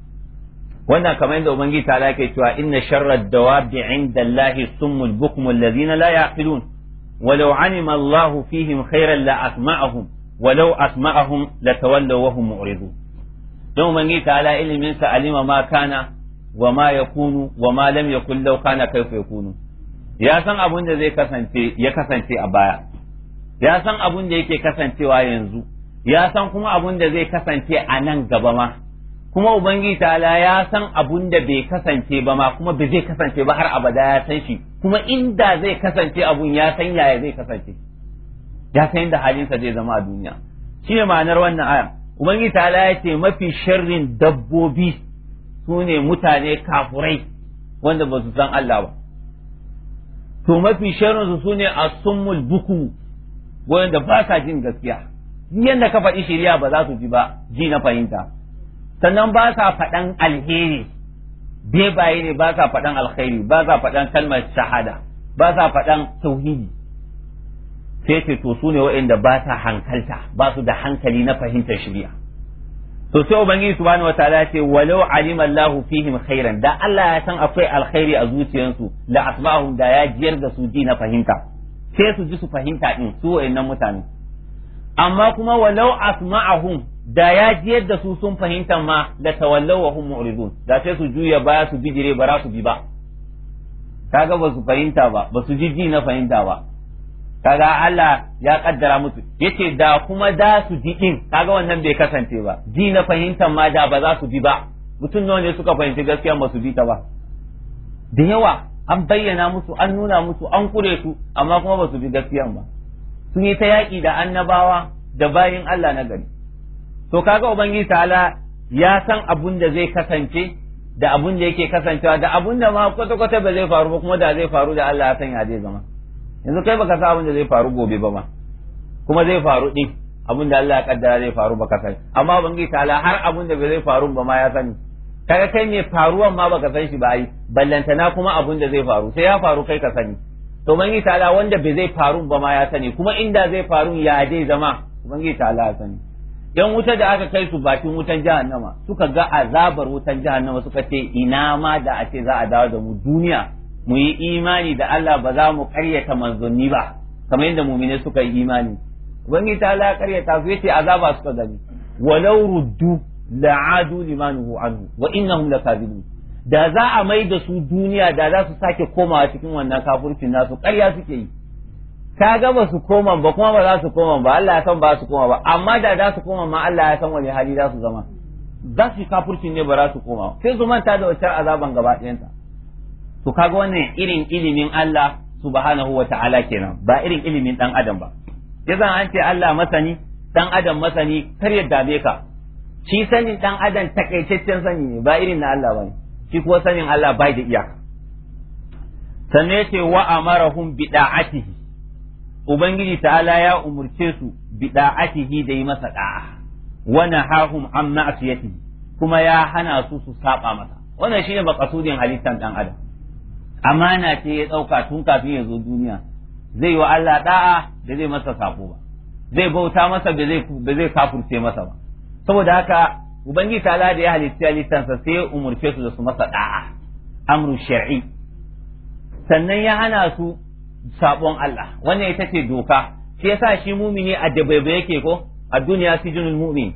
wannan kamar yadda ubangiji ta ke cewa inna sharrad dawabi inda Allahi summul bukmul ladina la yaqilun walau anima Allahu fihim khairan la asma'ahum walau asma'ahum la tawallaw wa hum mu'ridun don ubangiji ta ala ilimin sa alima ma kana wa ma yakunu wa ma lam yakun law kana kaifa yakunu ya san abun da zai kasance ya kasance a baya ya san abun da yake kasancewa yanzu ya san kuma abun da zai kasance a nan gaba ma kuma ubangiji ta'ala ya san abun da bai kasance ba ma kuma bai zai kasance ba har abada ya san shi kuma inda zai kasance abun ya san yaya zai kasance ya san inda halinsa zai zama a duniya Shi ne ma'anar wannan aya ubangiji ta'ala ya ce mafi sharrin dabbobi su ne mutane kafurai wanda ba su san Allah ba to mafi sharrin su ne sumul buku wanda ba sa jin gaskiya yanda ka faɗi shari'a ba za su ji ba ji na fahimta sannan ba sa faɗan alheri bebaye ne ba sa faɗan alheri ba sa faɗan kalmar shahada ba sa faɗan tauhidi sai ce to su ne waɗanda ba sa hankalta ba su da hankali na fahimtar shari'a to sai ubangiji subhanahu wataala ce walau alima Allah fihim khairan da Allah ya san akwai alkhairi a zuciyarsu la asbahum da ya jiyar da su ji na fahimta sai su ji su fahimta din su wayannan mutane amma kuma walau asma'ahum da ya jiyar da su sun fahimta ma la tawallaw wa hum mu'ridun da sai su juya baya su bijire ba su bi ba kaga ba su fahimta ba ba su ji na fahimta ba kaga Allah ya kaddara musu yace da kuma da su ji din kaga wannan bai kasance ba ji na fahimta ma da ba za su bi ba mutum nawa ne suka fahimci gaskiya ba su bi ta ba da yawa an bayyana musu an nuna musu an kure su amma kuma ba su bi gaskiya ba sun yi ta yaki da annabawa da bayin Allah na gari to kaga ubangiji ta'ala ya san abun da zai kasance da abun da yake kasancewa da abun da ma kwata-kwata ba zai faru ba kuma da zai faru da Allah ya san ya zai zama yanzu kai baka san abun da zai faru gobe ba ma kuma zai faru din abun da Allah ya kaddara zai faru baka sani amma ubangiji ta'ala har abun da bai zai faru ba ma ya sani kaga kai mai faruwan ma baka san shi ba ai ballantana kuma abun da zai faru sai ya faru kai ka sani to ubangiji ta'ala wanda bai zai faru ba ma ya sani kuma inda zai faru ya zai zama ubangiji ta'ala ya sani yan wuta da aka kai su bakin wutan jihar jahannama suka ga azabar wutan jihar jahannama suka ce ina ma da a ce za a dawo da mu duniya mu yi imani da Allah ba za mu karyata manzanni ba kamar yadda mumine suka yi imani Wani ta la karyata su yace azaba suka gani walau ruddu la'adu limanuhu anhu wa innahum lakazibun da za a mai da su duniya da za su sake komawa cikin wannan kafurcin nasu ƙarya suke yi ka ga su koma ba kuma ba za su koma ba Allah ya san ba su koma ba amma da za su koma ma Allah ya san wani hali za su zama za su kafurcin ne ba za su koma sai su manta da wacce azaban gaba ɗayanta to kaga wannan irin ilimin Allah subhanahu wa ta'ala kenan ba irin ilimin dan adam ba yazan an ce Allah masani dan adam masani kar ya dame ka shi sanin dan adam takaitaccen sani ne ba irin na Allah bane shi kuwa sanin Allah bai da iyaka sannan ce wa amarahum da'atihi ubangiji ta'ala ya umurce su bi da'atihi da yi masa da'a wa nahahum an ma'siyati kuma ya hana su su saba masa wannan shine makasudin halittan dan adam amana ce ya dauka tun kafin ya zo duniya zai wa Allah da'a da zai masa sako ba zai bauta masa ba zai da zai kafurce masa ba saboda haka ubangiji ta'ala da ya halitta halittan sa sai umurce su da su masa da'a amru shar'i sannan ya hana su sabon Allah wannan ita ce doka shi yasa shi mumini a dabaibe yake ko a duniya sijinul mu'min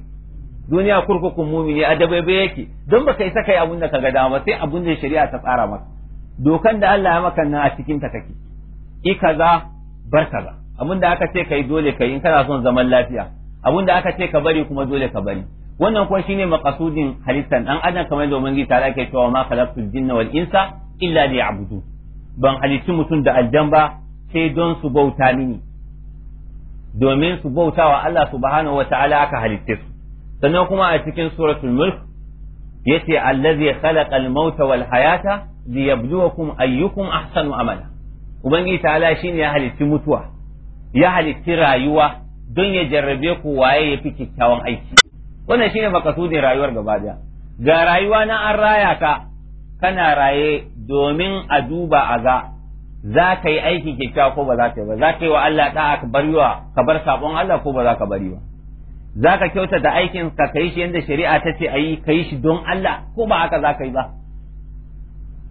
duniya kurkukun mumini a dabaibe yake don baka isa kai abun da ka ga dama sai abun da shari'a ta tsara maka dokan da Allah ya maka nan a cikin ta kake i kaza bar kaza abun da aka ce kai dole kai in kana son zaman lafiya abun da aka ce ka bari kuma dole ka bari wannan kuwa shine maqasudin halittan dan adam kamar domin gita ke cewa ma khalaqtul jinna wal insa illa liya'budun ban halicci mutum da aljan ba sai don su bauta mini domin su bauta wa Allah subhanahu wa ta'ala aka halitte su sannan kuma a cikin suratul mulk yace allazi khalaqa al-mauta wal hayata liyabluwakum ayyukum ahsanu amala ubangiji ta'ala shine ya halitti mutuwa ya halitti rayuwa don ya jarrabe ku waye ya fi kyakkyawan aiki wannan shine makasudin rayuwar gaba daya ga rayuwa na an raya ka kana raye domin a duba a ga za ka yi aiki kyakkyawa ko ba za ka yi ba za ka yi wa Allah ta ka bar yawa ka bar sabon Allah ko ba za ka bari ba za ka kyauta da aikin ka kai shi yadda shari'a ta ce a yi ka yi shi don Allah ko ba haka za ka yi ba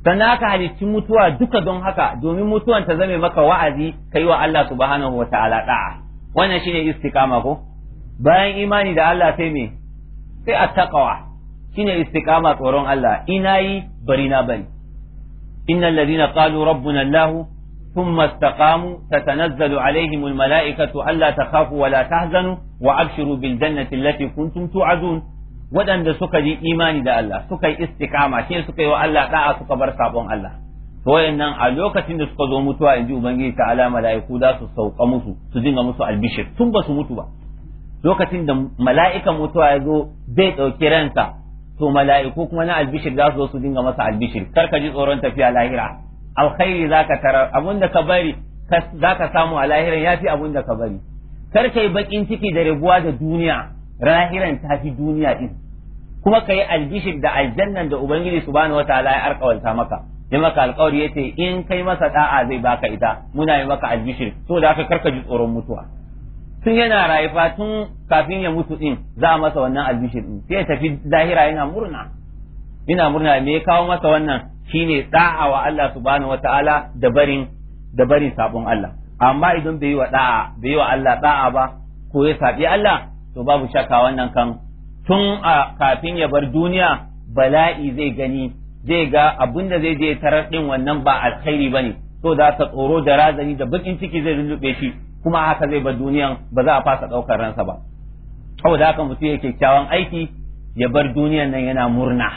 sannan aka halicci mutuwa duka don haka domin mutuwan ta zame maka wa'azi ka yi wa Allah subhanahu wa ta'ala da'a wannan shine istiqama ko bayan imani da Allah sai me sai attaqwa shine istiqama tsoron Allah ina yi برينا بني إن الذين قالوا ربنا الله ثم استقاموا تتنزل عليهم ta ألا تخافوا ولا تحزنوا وأبشروا بالجنة التي كنتم توعدون waɗanda suka ji imani da Allah suka yi istikama shi suka yi wa Allah da'a suka bar sabon Allah to wayannan a lokacin da suka zo mutuwa inji ubangiji ta ala mala'iku za su sauka musu su dinga musu albishir tun ba su mutu ba lokacin da mala'ikan mutuwa ya zai ɗauki ransa to mala'iku kuma na albishir za su zo su dinga masa albishir kar ka ji tsoron tafiya lahira alkhairi ka tarar abin da ka bari ka samu a lahiran yafi abun da ka bari kar yi bakin ciki da rabuwa da duniya lahiran ta fi duniya din kuma yi albishir da aljannan da ubangiji subhanahu wataala ya arkawanta maka ya maka alkawari yace in kai masa da'a zai baka ita muna yi maka albishir to da haka ka ji tsoron mutuwa tun yana rayuwa tun kafin ya mutu din za a masa wannan albishir din sai ya tafi zahira yana murna ina murna me ya kawo masa wannan shine da'a wa Allah subhanahu wataala da barin da barin sabon Allah amma idan bai yi wa da'a bai yi wa Allah da'a ba ko ya sabi Allah to babu shakka wannan kan tun a kafin ya bar duniya bala'i zai gani zai ga abin zai je tarar din wannan ba alkhairi bane to za ta tsoro da razani da bakin ciki zai lullube shi kuma haka zai bar duniyan ba za a fasa ɗaukar ransa ba saboda haka mutum ya kyakkyawan aiki ya bar duniyan nan yana murna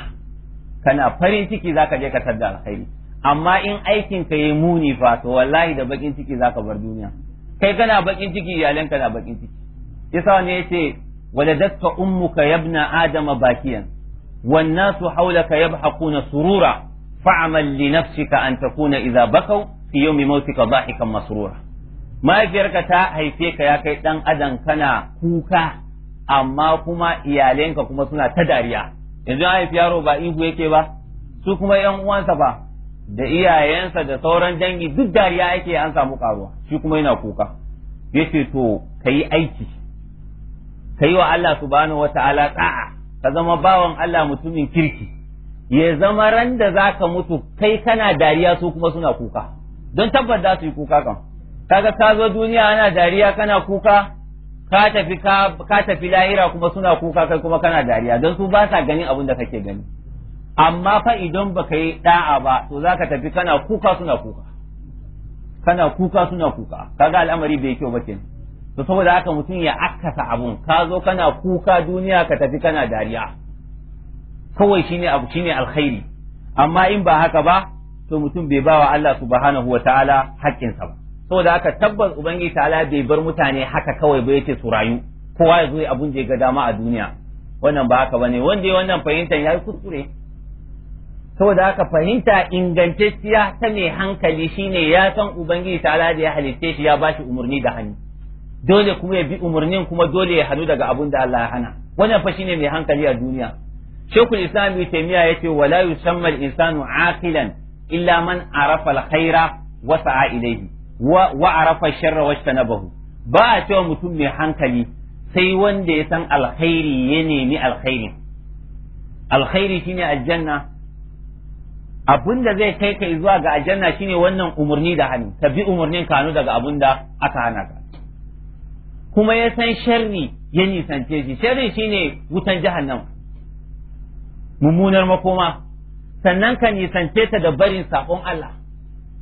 kana farin ciki zaka je ka tadda alkhairi amma in aikin ka yayi muni fa to wallahi da bakin ciki zaka bar duniya kai kana bakin ciki iyalan na bakin ciki yasa ne yace ka ummuka yabna adama bakiyan wan nasu hawlaka yabhaquna surura fa'mal li nafsika an takuna idza bakaw fi yawmi mawtika dhahikan masrura mahaifiyarka ta haife ka ya kai dan adam kana kuka amma kuma iyalenka kuma suna ta dariya yanzu haifi yaro ba ihu yake ba su kuma yan uwansa ba da iyayensa da sauran dangi duk dariya yake an samu karuwa shi kuma yana kuka yace to kayi aiki kayi wa Allah su subhanahu wata ta'a ka zama bawan Allah mutumin kirki ya zama ran da ka mutu kai kana dariya su kuma suna kuka don tabbata su yi kuka kan kaga ka zo duniya ana dariya kana kuka ka tafi ka tafi lahira kuma suna kuka kai kuma kana dariya don su ba sa ganin abin da kake gani amma fa idan baka yi da'a ba to ka tafi kana kuka suna kuka kana kuka suna kuka kaga al'amari bai kyau ba kenan to saboda haka mutum ya akasa abun ka zo kana kuka duniya ka tafi kana dariya kawai shine abu shine alkhairi amma in ba haka ba to mutum bai bawa Allah subhanahu ta'ala haƙƙinsa ba saboda haka tabbas ubangiji ta'ala bai bar mutane haka kawai ba yace su rayu kowa ya zo ya abun ga dama a duniya wannan ba haka bane wanda ya wannan fahimtar yayi kuskure saboda haka fahimta ingantacciya ta mai hankali shine ya san ubangiji ta'ala da ya halitte shi ya bashi umarni da hannu dole kuma ya bi umarnin kuma dole ya hadu daga abun da Allah ya hana wannan fa shine mai hankali a duniya shekul islam taimiya ya ce wala yusammal insanu aqilan illa man arafa alkhaira wa sa'a ilayhi wa arafa sharra bahu. ba a cewa mutum mai hankali sai wanda ya san alkhairi ya nemi alkhairi alkhairi shine aljanna da zai kai kai zuwa ga aljanna shine wannan umarni da hannu ka bi umarnin kanu daga da aka hana ka kuma ya san sharri ya nisance shi sharri shine wutan jahannam mummunar makoma sannan ka nisance ta da barin sakon Allah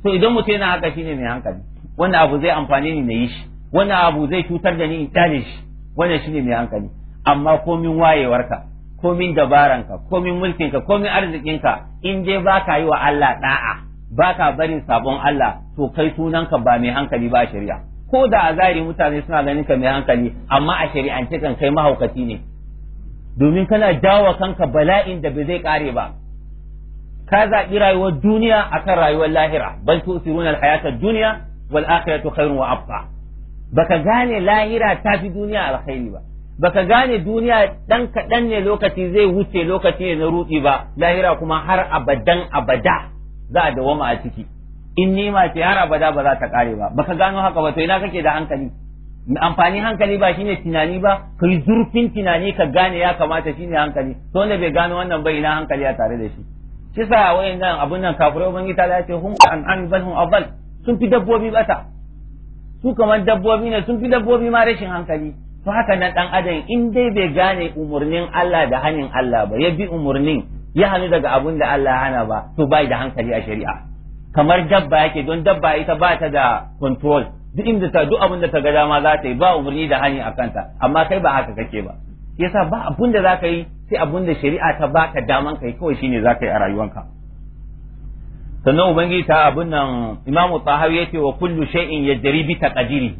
to idan mutum yana haka shine mai hankali wannan abu zai amfani ni na yi shi wannan abu zai cutar da ni in kyale shi wannan shi ne mai hankali amma komin wayewarka komin dabaranka komin mulkinka komin arzikinka in dai ka yi wa Allah da'a ka barin sabon Allah to kai sunanka ba mai hankali ba a shari'a ko da a zahiri mutane suna ganin ka mai hankali amma a shari'ance kan kai mahaukaci ne domin kana jawo kanka bala'in da bai zai kare ba ka zaɓi rayuwar duniya akan rayuwar lahira bal tusiruna alhayata duniya wal akhiratu khairun wa abqa baka gane lahira ta fi duniya alkhairi ba baka gane duniya ɗan kaɗan ne lokaci zai wuce lokaci ne na rudi ba lahira kuma har abadan abada za a dawama a ciki in nima ce har abada ba za ta kare ba baka gano haka ba to ina kake da hankali amfani hankali ba shine tunani ba kai zurfin tunani ka gane ya kamata shine hankali to wanda bai gano wannan ba ina hankali tare da shi shi sa wayannan abun nan kafirai ubangiji ta ce hum an an bal hum afdal sun fi dabbobi bata su kamar dabbobi ne sun fi dabbobi ma rashin hankali to haka nan dan adam in dai bai gane umarnin Allah da hanin Allah ba ya bi umurnin ya hannu daga abunda da Allah hana ba to bai da hankali a shari'a kamar dabba yake don dabba ita ba ta da control duk inda ta duk abin da ta ga dama za ta yi ba umarni da hani a kanta amma kai ba haka kake ba yasa ba abunda da za ka yi sai abun da shari'a ta baka daman kai kawai shine za ka yi a rayuwanka sannan ubangiji ta abun nan imamu tahawi yace wa kullu shay'in yajri bi taqdiri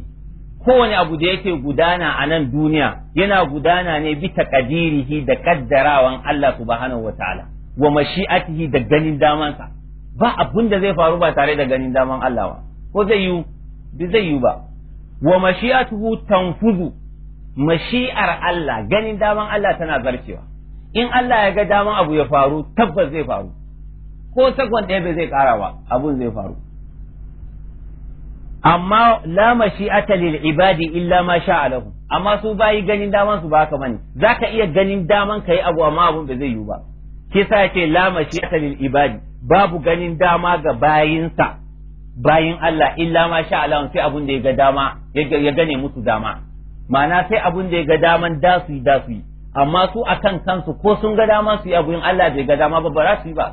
kowane abu da yake gudana a nan duniya yana gudana ne bi taqdirihi da kaddarawan Allah subhanahu wataala wa mashi'atihi da ganin damansa ba abun da zai faru ba tare da ganin daman Allah ba ko zai yi bi zai yi ba wa mashi'atuhu tanfuzu mashi'ar Allah ganin daman Allah tana zarcewa in Allah ya ga daman abu ya faru tabbas zai faru ko sakon ɗaya bai zai ƙara ba abun zai faru amma la mashi'ata lil ibadi illa ma sha'a amma su bayi ganin daman su ba haka bane zaka iya ganin daman kai abu amma abun bai zai yiwu ba kisa yace la mashi'ata lil ibadi babu ganin dama ga bayinsa bayin Allah illa ma sha'a lahum sai abun da ya ga dama ya gane musu dama ma'ana sai abun da ya ga daman da su da su amma su akan kansu ko sun ga dama su yi abun Allah bai ga dama ba ba za ba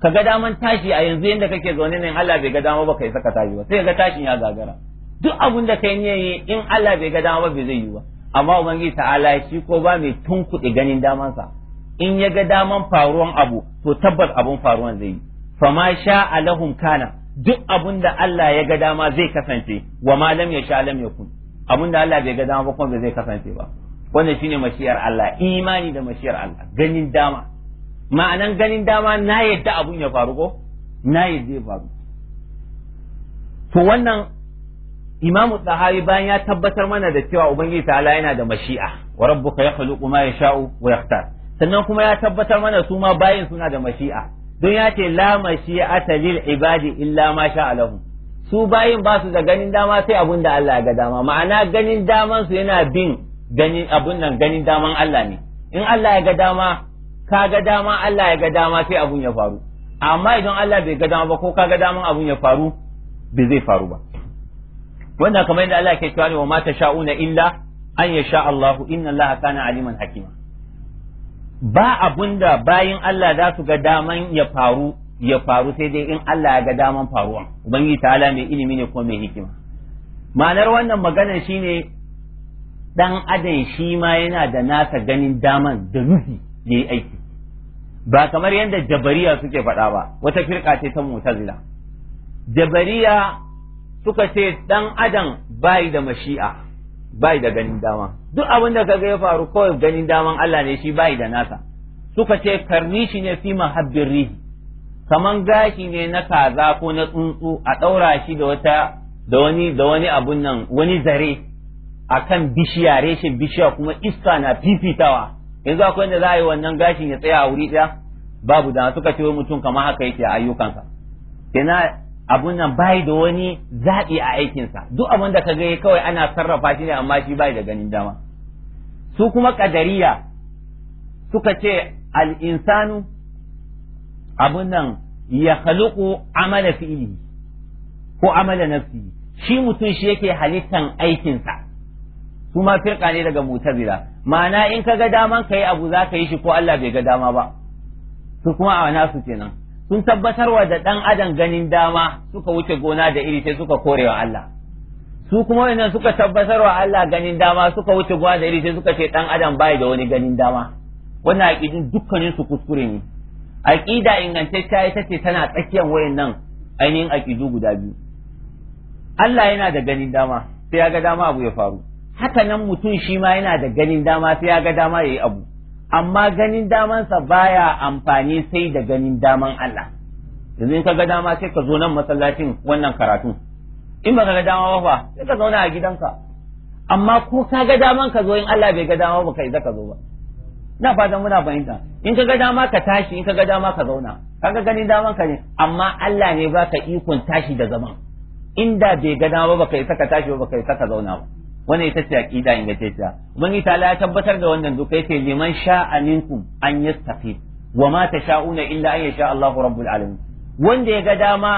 ka ga daman tashi a yanzu yanda kake zaune ne Allah bai ga dama ba kai saka tashi ba sai ga tashin ya gagara duk abun da kai ne in Allah bai ga dama ba bai zai yi ba amma ubangiji ta'ala shi ko ba mai tunkuɗe ganin damansa in ya ga daman faruwan abu to tabbas abun faruwan zai yi fa ma sha alahum kana duk abun da Allah ya ga dama zai kasance wa ma ya sha lam yakun abun da Allah bai ga dama ba kuma bai zai kasance ba wannan shine mashiyar Allah imani da mashiyar Allah ganin dama ma'anan ganin dama na yadda abun ya faru ko na yadda ya faru to wannan imamu tsahawi bayan ya tabbatar mana da cewa ubangiji ta'ala yana da mashi'a wa rabbuka yakhluqu ma yasha'u wa yakhtar sannan kuma ya tabbatar mana su ma bayin suna da mashi'a don ya ce la mashi'ata lil ibadi illa ma sha'a lahu su bayin ba su da ganin dama sai abunda da Allah ya ga dama ma'ana ganin daman su yana bin ganin abun nan ganin daman Allah ne in Allah ya ga dama ka ga dama Allah ya ga dama sai abun ya faru amma idan Allah bai ga dama ba ko ka ga dama abun ya faru bai zai faru ba wannan kamar yadda Allah ke cewa ne wa ma tasha'una illa an yasha Allah inna Allah kana aliman hakima ba abun da bayin Allah za su ga daman ya faru ya faru sai dai in Allah ya ga daman faruwan ubangiji ta'ala mai ilimi ne kuma mai hikima ma'anar wannan maganar shine dan adam shi ma yana da nasa ganin daman da nufi yayi aiki ba kamar yadda jabariya suke faɗa ba wata firka ce ta mutazila jabariya suka ce dan adam bai da mashi'a bai da ganin dama duk abin da kaga ya faru kawai ganin daman Allah ne shi bai da nasa suka ce karni shi ne fi mahabbin rihi kaman gashi ne na kaza ko na tsuntsu a ɗaura shi da wata da wani da wani abun nan wani zare akan bishiya reshen bishiya kuma iska na fifitawa yanzu akwai inda za a yi wannan gashin ya tsaya a wuri ɗaya babu da suka ce mutum kamar haka yake a ayyukansa kenan abun nan bai da wani zaɓi a aikinsa duk abin da ka ga kawai ana sarrafa shi ne amma shi bai da ganin dama su kuma kadariya suka ce al'insanu abun nan ya haluku amala fi'ili ko amala nafsi shi mutum shi yake halittan aikinsa su ma firka ne daga mutazila ma'ana in ka ga daman ka yi abu za ka yi shi ko Allah bai ga dama ba su kuma a nasu kenan sun tabbatarwa da ɗan adam ganin dama suka wuce gona da iri sai suka korewa Allah su kuma wannan suka tabbatarwa Allah ganin dama suka wuce gona da iri sai suka ce ɗan adam bai da wani ganin dama wannan aƙidun dukkanin su kuskure ne aƙida ingantacciya ita ce tana tsakiyar wayannan ainihin aƙidu guda biyu Allah yana da ganin dama sai ya ga dama abu ya faru haka nan mutum shi ma yana da ganin dama sai ya ga dama ya yi abu amma ganin damansa baya amfani sai da ganin daman Allah yanzu in ka ga dama sai ka zo nan masallacin wannan karatun in ba ka ga dama ba sai ka zauna a gidanka amma ko ka ga daman ka zo in Allah bai ga dama ba kai za ka zo ba na fatan muna fahimta in ka ga dama ka tashi in ka ga dama ka zauna kaga ganin daman ka ne amma Allah ne baka ikon tashi da zaman inda bai ga dama ba kai saka tashi ba kai saka zauna ba wannan ita ce aqida ingantacciya ubangiji ta ya tabbatar da wannan duka yace liman sha'a minkum an yastaqim wa ma tasha'una illa an yasha Allahu rabbul alamin wanda ya ga dama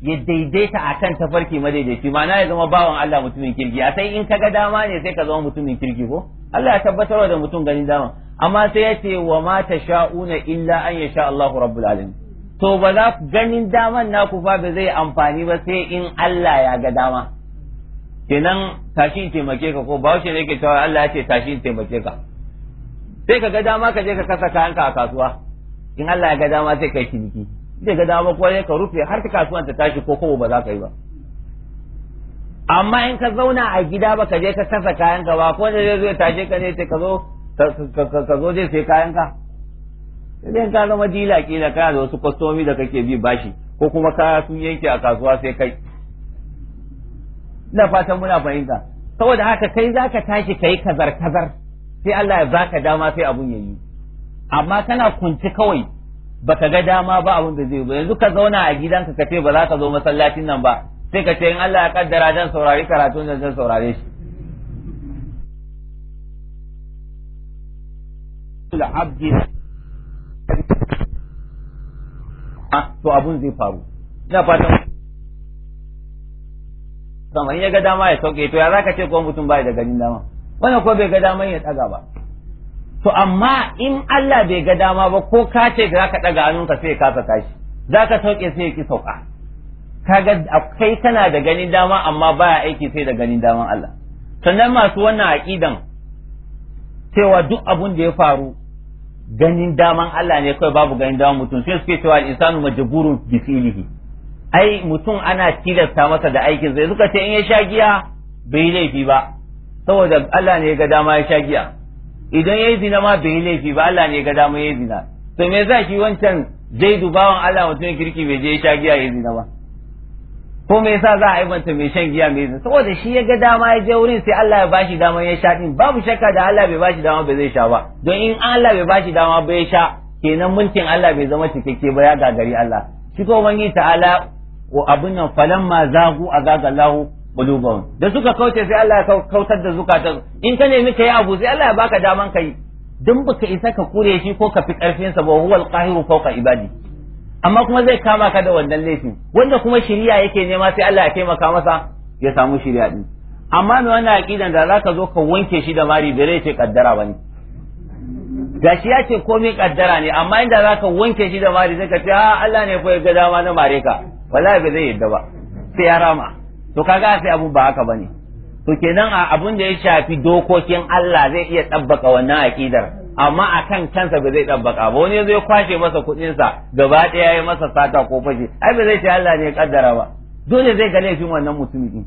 ya daidaita akan tafarki madaidaici ma'ana ya zama bawan Allah mutumin kirki a sai in ka ga dama ne sai ka zama mutumin kirki ko Allah ya tabbatar da mutum ganin dama amma sai ya ce wa ma tasha'una illa an yasha Allahu rabbul alamin to ba za ganin daman naku fa ba zai amfani ba sai in Allah ya ga dama kenan tashi taimake ka ko ba ne ke cewa Allah ya ce tashi taimake ka sai ka ga dama ka je ka kasa kayanka a kasuwa in Allah ya ga dama sai kai ciniki zai ga dama ko ka rufe har kasuwan ta tashi ko kowa ba za ka yi ba amma in ka zauna a gida ba ka je ka kasa kayanka ba ko da zai tashi ka ne sai ka zo ka zo zai sai kayanka ka sai ka zama dila kila kana da wasu kwastomi da kake bi bashi ko kuma ka sun yanke a kasuwa sai kai ina fatan muna fahimta saboda haka kai zaka tashi kai kazar kazar sai Allah ya zaka dama sai abun yayi amma kana kunci kawai baka ga dama ba abun da zai ba yanzu ka zauna a gidanka ka ce ba za ka zo masallacin nan ba sai ka ce in Allah ya kaddara dan saurari karatun da zan saurare shi ah, to abun zai faru ina fatan kamar in ya ga dama ya sauke to ya ka ce kuma mutum ba da ganin dama wanda ko bai ga dama ya daga ba to amma in Allah bai ga dama ba ko ka ce ka daga hannunka sai ka saka shi ka sauke sai ki sauka kaga kai kana da ganin dama amma baya aiki sai da ganin daman Allah sannan masu wannan aqidan cewa duk abun da ya faru ganin daman Allah ne kawai babu ganin daman mutum sai suke cewa al-insanu majburun bi fi'lihi ai mutum ana tilasta masa da aikin sai suka ce in ya sha giya bai laifi ba saboda Allah ne ya ga dama ya sha giya idan ya yi zina ma bai laifi ba Allah ne ya ga dama ya yi zina to me za ki wancan zai dubawan Allah mutum kirki bai je ya sha giya ya yi zina ba ko me yasa za a aibanta mai shan giya mai zina saboda shi ya ga dama ya je wurin sai Allah ya bashi dama ya sha din babu shakka da Allah bai bashi dama ba zai sha ba don in Allah bai bashi dama ba ya sha kenan mulkin Allah bai zama cikakke ba ya gagari Allah shi ko ubangiji ta'ala wa abin nan a zagu azagallahu qulubahum da suka kauce sai Allah ya kautar da zukatan in ka nemi kai abu sai Allah ya baka daman kai dan baka isa ka kure shi ko ka fi karfin sa ba huwa alqahiru fawqa ibadi amma kuma zai kama ka da wannan laifin wanda kuma shari'a yake nema sai Allah ya taimaka masa ya samu shari'a din amma me wannan aqidan da zaka zo ka wanke shi da mari bare ce kaddara bane gashi ya ce komai kaddara ne amma inda zaka wanke shi da mari sai ka ce a ah, Allah ne ko ya ga dama na mare ka wallahi ba zai yadda ba sai ya rama to kaga sai abu ba haka bane to kenan a abun da ya shafi dokokin Allah zai iya tabbaka wannan aqidar amma akan kansa ba zai tabbaka ba wani zai kwashe masa kudin sa gaba ɗaya ya masa sata ko fashi ai ba zai ce Allah ne ya kaddara ba dole zai ga laifin wannan mutum din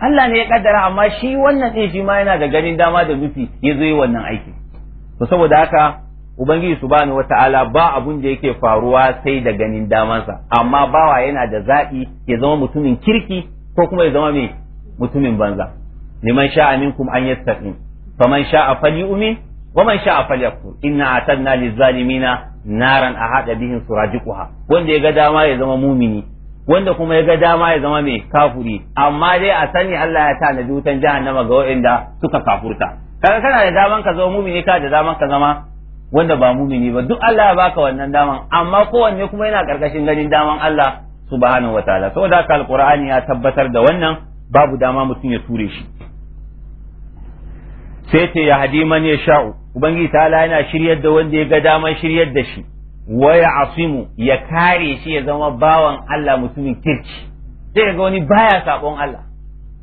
Allah ne ya kaddara amma shi wannan din shi ma yana da ganin dama da nufi ya zo yi wannan aiki to saboda haka ubangiji su bani subhanahu ta’ala ba abun da yake faruwa sai da ganin damansa amma bawa yana da zaɓi ya zama mutumin kirki ko kuma ya zama mai mutumin banza liman sha'a kuma an yattaqi faman sha'a umi, wa man sha'a na inna atadna lizalimina naran a su Raji surajiquha wanda ya ga dama ya zama mumini wanda kuma ya ga dama ya zama mai kafuri amma dai a sani Allah ya tanadi wutan jahannama ga waɗanda suka kafurta kaga kana da daman ka zama mumini ka da daman ka zama wanda ba mumini ba duk Allah ya baka wannan daman amma kowanne kuma yana karkashin ganin daman Allah subhanahu wataala saboda haka alqur'ani ya tabbatar da wannan babu dama mutum ya ture shi sai ce ya hadi man ya sha'u ubangiji ta'ala yana shiryar da wanda ya ga daman shiryar da shi wa ya asimu ya kare shi ya zama bawan Allah mutumin kirki sai ga wani baya sabon Allah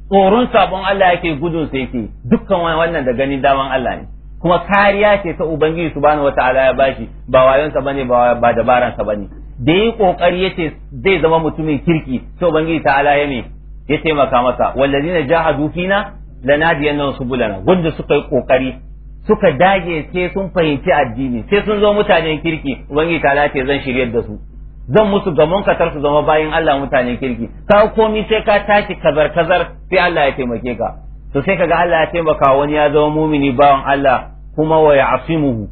tsoron sabon Allah yake gudun sai yake dukkan wannan da ganin daman Allah ne kuma kariya ce ta ubangiji subhanahu wataala ya bashi ba wayonsa bane ba ba dabaransa bane da yi kokari yace zai zama mutumin kirki sai ubangiji ta'ala ya me ya taimaka masa wallazina jahadu fina lanadiyannahum subulana Gunda suka yi kokari suka dage sai sun fahimci addini sai sun zo mutanen kirki ubangiji ta'ala ce zan shiryar da su zan musu gamon katar su zama bayin Allah mutanen kirki ka komi sai ka tashi kazar kazar sai Allah ya taimake ka to sai kaga Allah ya taimaka wani ya zama mumini bawan Allah kuma wa asimuhu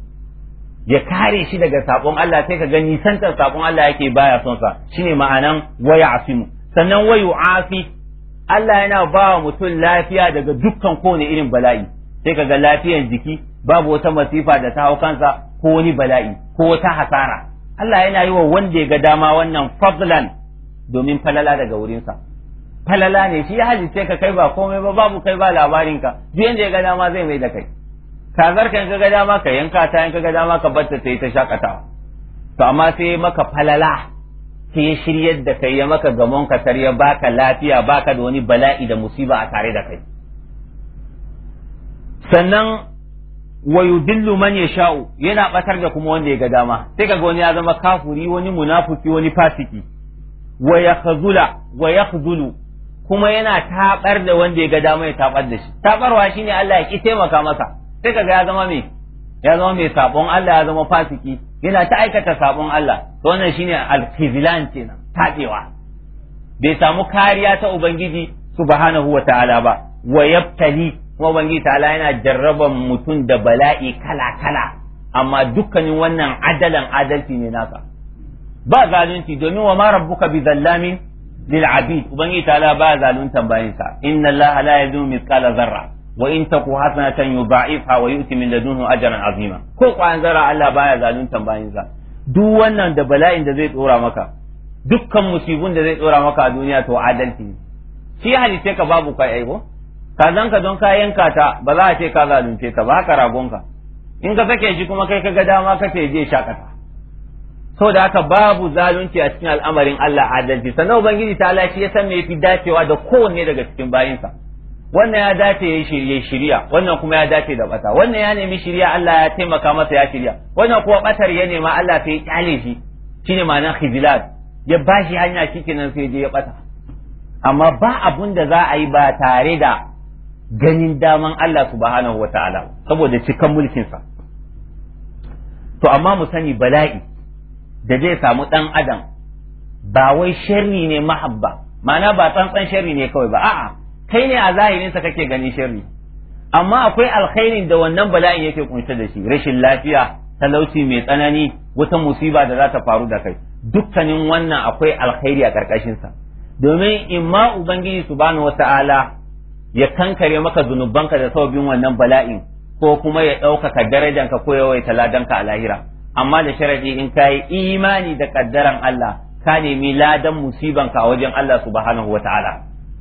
ya kare shi daga sabon Allah sai kaga nisantar sabon Allah yake baya son sa shine ma'anan wa asimu sannan wa yu'afi Allah yana ba mutum lafiya daga dukkan kowane irin bala'i sai kaga lafiyan jiki babu wata masifa da ta hau kansa ko wani bala'i ko wata hasara Allah yana yi wa wanda ya ga dama wannan fadlan domin falala daga wurinsa falala ne shi ya halice ka kai ba komai ba babu kai ba labarin ka duk yanda ya ga dama zai mai da kai kazar ka ka ga dama ka yanka ta yanka ga dama ka batta ta yi ta shakatawa to amma sai maka falala sai ya shiryar da kai ya maka gamon kasar ya baka lafiya baka da wani bala'i da musiba a tare da kai sannan wa yudillu man yasha'u yana batar da kuma wanda ya ga dama sai kaga wani ya zama kafuri wani munafiki wani fasiki wa yakhzula wa yakhzulu kuma yana taɓar da wanda ya ga dama ya tabar da shi tabarwa shine Allah ya ki taimaka masa sai kaga ya zama mai ya zama mai saɓon Allah ya zama fasiki yana ta aikata sabon Allah to wannan shine alkizlan kenan tabewa bai samu kariya ta ubangiji subhanahu ta'ala ba wa yabtali kuma ubangiji ta'ala yana jarraban mutum da bala'i kala kala amma dukkanin wannan adalan adalci ne naka ba zalunci domin wa ma rabbuka bi zallamin lil abid ubangiji ta'ala ba zaluntan bayinsa inna allaha la yazlimu mithqala zarra wa in taku hasanatan yudha'ifha wa yu'ti min ladunhu ajran azima ko kwayan zarra Allah baya zaluntan bayinsa duk wannan da bala'in da zai tsora maka dukkan musibun da zai tsora maka a duniya to adalci ne shi halice ka babu kai aibo ka zanka don ka yanka ta ba za a ce ka zalunce ta ba haka ragonka in ka sake shi kuma kai ka ga dama kace je shakata da haka babu zalunci a cikin al'amarin Allah adalci sannan ubangiji ta Allah shi ya san me yafi dacewa da kowanne daga cikin bayinsa wannan ya dace ya shirye shirya wannan kuma ya dace da bata wannan ya nemi shirya Allah ya taimaka masa ya shirya wannan kuma batar ya nema Allah sai ya kyale shi shine ma'anar khizlan ya bashi hanya nan sai je ya bata amma ba abun da za a yi ba tare da ganin daman Allah subhanahu wataala saboda cikan mulkinsa to amma mu sani bala'i da zai samu ɗan adam ba wai sharri ne mahabba ma'ana ba tsantsan sharri ne kawai ba a'a kai ne a zahirinsa kake ganin sharri amma akwai alkhairin da wannan bala'in yake kunshe da shi rashin lafiya talauci mai tsanani wata musiba da za ta faru da kai dukkanin wannan akwai alkhairi a ƙarƙashinsa domin in ma ubangiji subhanahu ala ya kankare maka zunubanka da sabbin wannan bala'in ko kuma ya ɗaukaka darajanka ko ya waita ladanka a lahira amma da sharadi in ka yi imani da kaddaran Allah ka nemi ladan musibanka a wajen Allah subhanahu wataala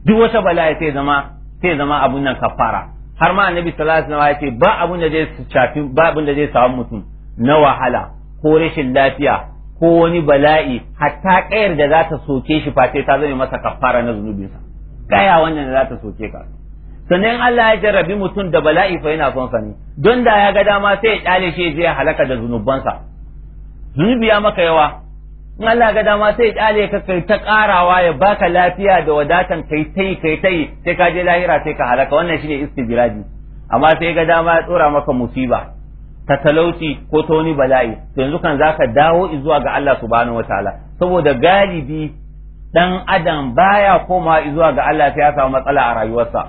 duk wata bala'i sai zama sai zama abun nan kafara har ma annabi sallallahu alaihi wasallam ya ce ba abun da zai shafi ba abun da zai samu mutum na wahala ko rashin lafiya ko wani bala'i hatta kayar da za ta soke shi fa sai ta zame masa kafara na zunubinsa kaya wannan da za ta soke ka sannan Allah ya jarrabi mutum da bala'i fa yana fansa ne don da ya ga dama sai ya kyale shi zai halaka da zunubansa zunubi ya maka yawa in Allah ya ga dama sai ya kyale ka kai ta karawa ya baka lafiya da wadatan kai tai kai tai sai ka je lahira sai ka halaka wannan shine istijradi amma sai ga dama ya tsora maka musiba ta talauci ko ta wani bala'i to yanzu kan zaka dawo zuwa ga Allah subhanahu wataala saboda galibi dan adam baya komawa zuwa ga Allah sai ya samu matsala a rayuwarsa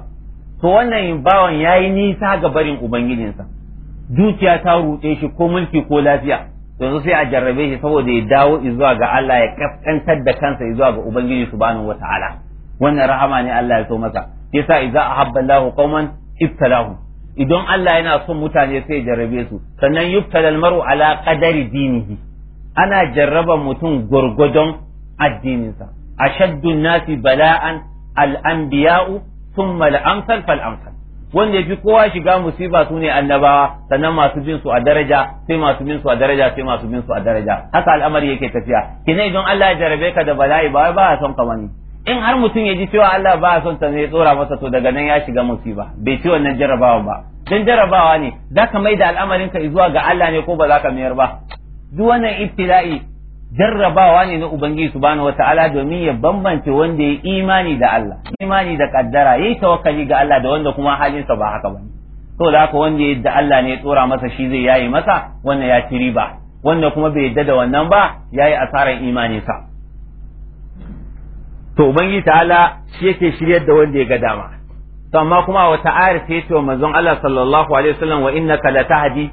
to wannan bawan yayi nisa ga barin ubangijinsa dukiya ta ruɗe shi ko mulki ko lafiya yanzu sai a jarrabe shi saboda ya dawo zuwa ga Allah ya kaskantar da kansa zuwa ga ubangiji subhanahu wataala wannan rahama ne Allah ya so masa yasa idza ahabba Allahu qauman ibtalahu idan Allah yana son mutane sai ya jarrabe su sannan yubtalal mar'u ala qadari dinihi ana jarraba mutum gurgudon addininsa ashaddu nasi bala'an al anbiya'u ثم fal فالأمثل wanda ya fi kowa shiga musiba su ne annabawa sannan masu bin su a daraja sai masu bin su a daraja sai masu bin su a daraja haka al'amari yake tafiya kina idan Allah ya jarabe ka da bala'i ba ba a son ka wani in har mutum ya ji cewa Allah ba son ta ne tsora masa to daga nan ya shiga musiba bai ci wannan jarabawa ba dan jarabawa ne zaka mai da al'amarin ka zuwa ga Allah ne ko ba za ka mayar ba duk wannan ibtila'i jarrabawa ne na ubangiji subhanahu ta’ala domin ya bambance wanda ya imani da Allah imani da kaddara yayi tawakkali ga Allah da wanda kuma halinsa ba haka bane to da haka wanda ya da Allah ne ya tsora masa shi zai yayi masa wannan ya ci riba wanda kuma bai yadda da wannan ba yayi asaran imani sa to ubangiji ta'ala shi yake shiryar da wanda ya ga dama to amma kuma wata ayar sai ce wa manzon Allah sallallahu alaihi wasallam wa innaka tahdi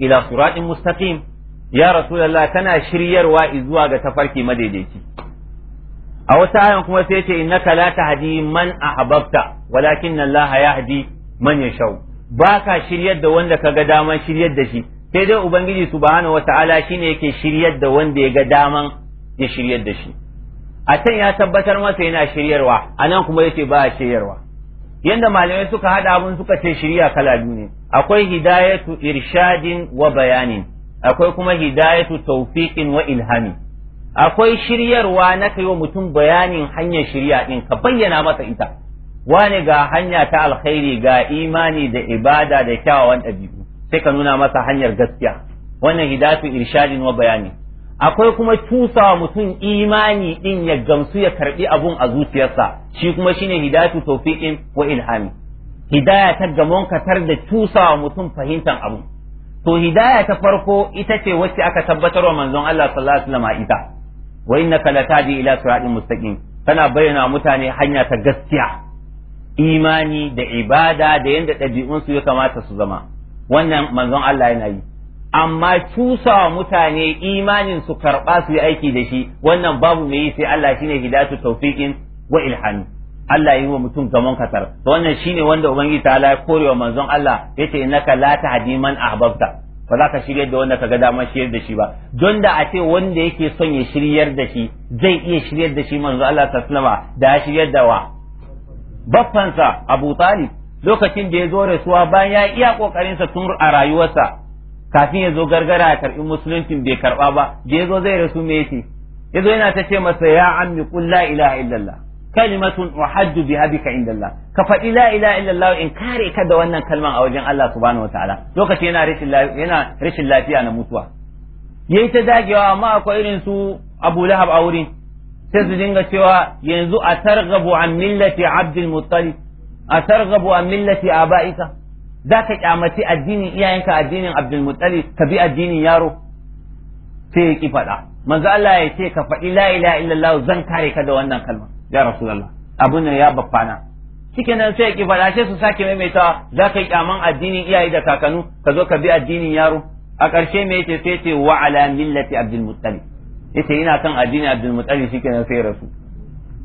ila suratin mustaqim ya rasulullah kana shiryarwa zuwa ga tafarki madaidaici a wata ayan kuma sai ce innaka la tahdi man ahbabta walakin Allah yahdi man Ba ka shiryar da wanda ka ga daman shiryar da shi sai dai ubangiji subhanahu wataala shine yake shiryar da wanda ya ga daman ya shiryar da shi a can ya tabbatar masa yana shiryarwa a nan kuma yace ba shiryarwa yanda malamai suka hada abun suka ce shirya kala biyu ne akwai hidayatu irshadin wa bayanin akwai kuma hidayatu tawfiqin wa ilhami akwai shiryarwa na kai wa mutum bayanin hanyar shirya din ka bayyana masa ita wani ga hanya ta alkhairi ga imani da ibada da kyawawan ɗabi'u sai ka nuna masa hanyar gaskiya wannan hidayatu irshadin wa bayani akwai kuma wa mutum imani din ya gamsu ya karbi abun a zuciyarsa shi kuma shine hidayatu tawfiqin wa ilhami hidaya ta gamon katar da wa mutum fahimtar abu to hidaya ta farko ita ce wacce aka tabbatar wa manzon Allah sallallahu alaihi wasallam ita wa innaka latadi ila siratin mustaqim tana bayyana mutane hanya ta gaskiya imani da ibada da yadda su ya kamata su zama wannan manzon Allah yana yi amma cusawa mutane imanin su karɓa su yi aiki da shi wannan babu mai yi sai Allah shine hidatu tawfiqin wa ilhamin Allah ya yi wa mutum zaman katar to wannan ne wanda ubangiji ta ya kore wa manzon Allah yace innaka la tahdi man ahbabta ba za ka shirya da wanda ka ga damar shiryar da shi ba don da a ce wanda yake son ya shiryar da shi zai iya shiryar da shi manzo Allah ta sallama da ya shiryar da wa baffansa Abu Talib lokacin da ya zo rasuwa bayan ya iya kokarin sa tun a rayuwarsa kafin ya zo gargara ya karbi musuluncin bai karɓa ba da ya zo zai rasu me yake ya zo yana ta ce masa ya ammi qul la ilaha illallah kalimatun uhaddu biha bika inda ka faɗi la ilaha in kare ka da wannan kalman a wajen Allah subhanahu wataala lokaci yana rashin yana rashin lafiya na mutuwa Yai ta dagewa amma akwai irin su Abu Lahab a wurin sai su dinga cewa yanzu a targhabu an millati Abdul Muttalib a targhabu an millati abaika zaka kyamaci addinin iyayenka addinin Abdul Muttalib ka bi addinin yaro sai ya ki faɗa manzo Allah ya ce ka faɗi la ilaha zan kare ka da wannan kalman ya rasulullah abun nan ya babbana shikenan sai ki fada su sake maimaitawa za ka kyaman addinin iyaye da kakanu ka zo ka bi addinin yaro a ƙarshe me yace sai ce wa ala millati abdul muttalib yace ina kan addinin abdul muttalib shikenan sai rasu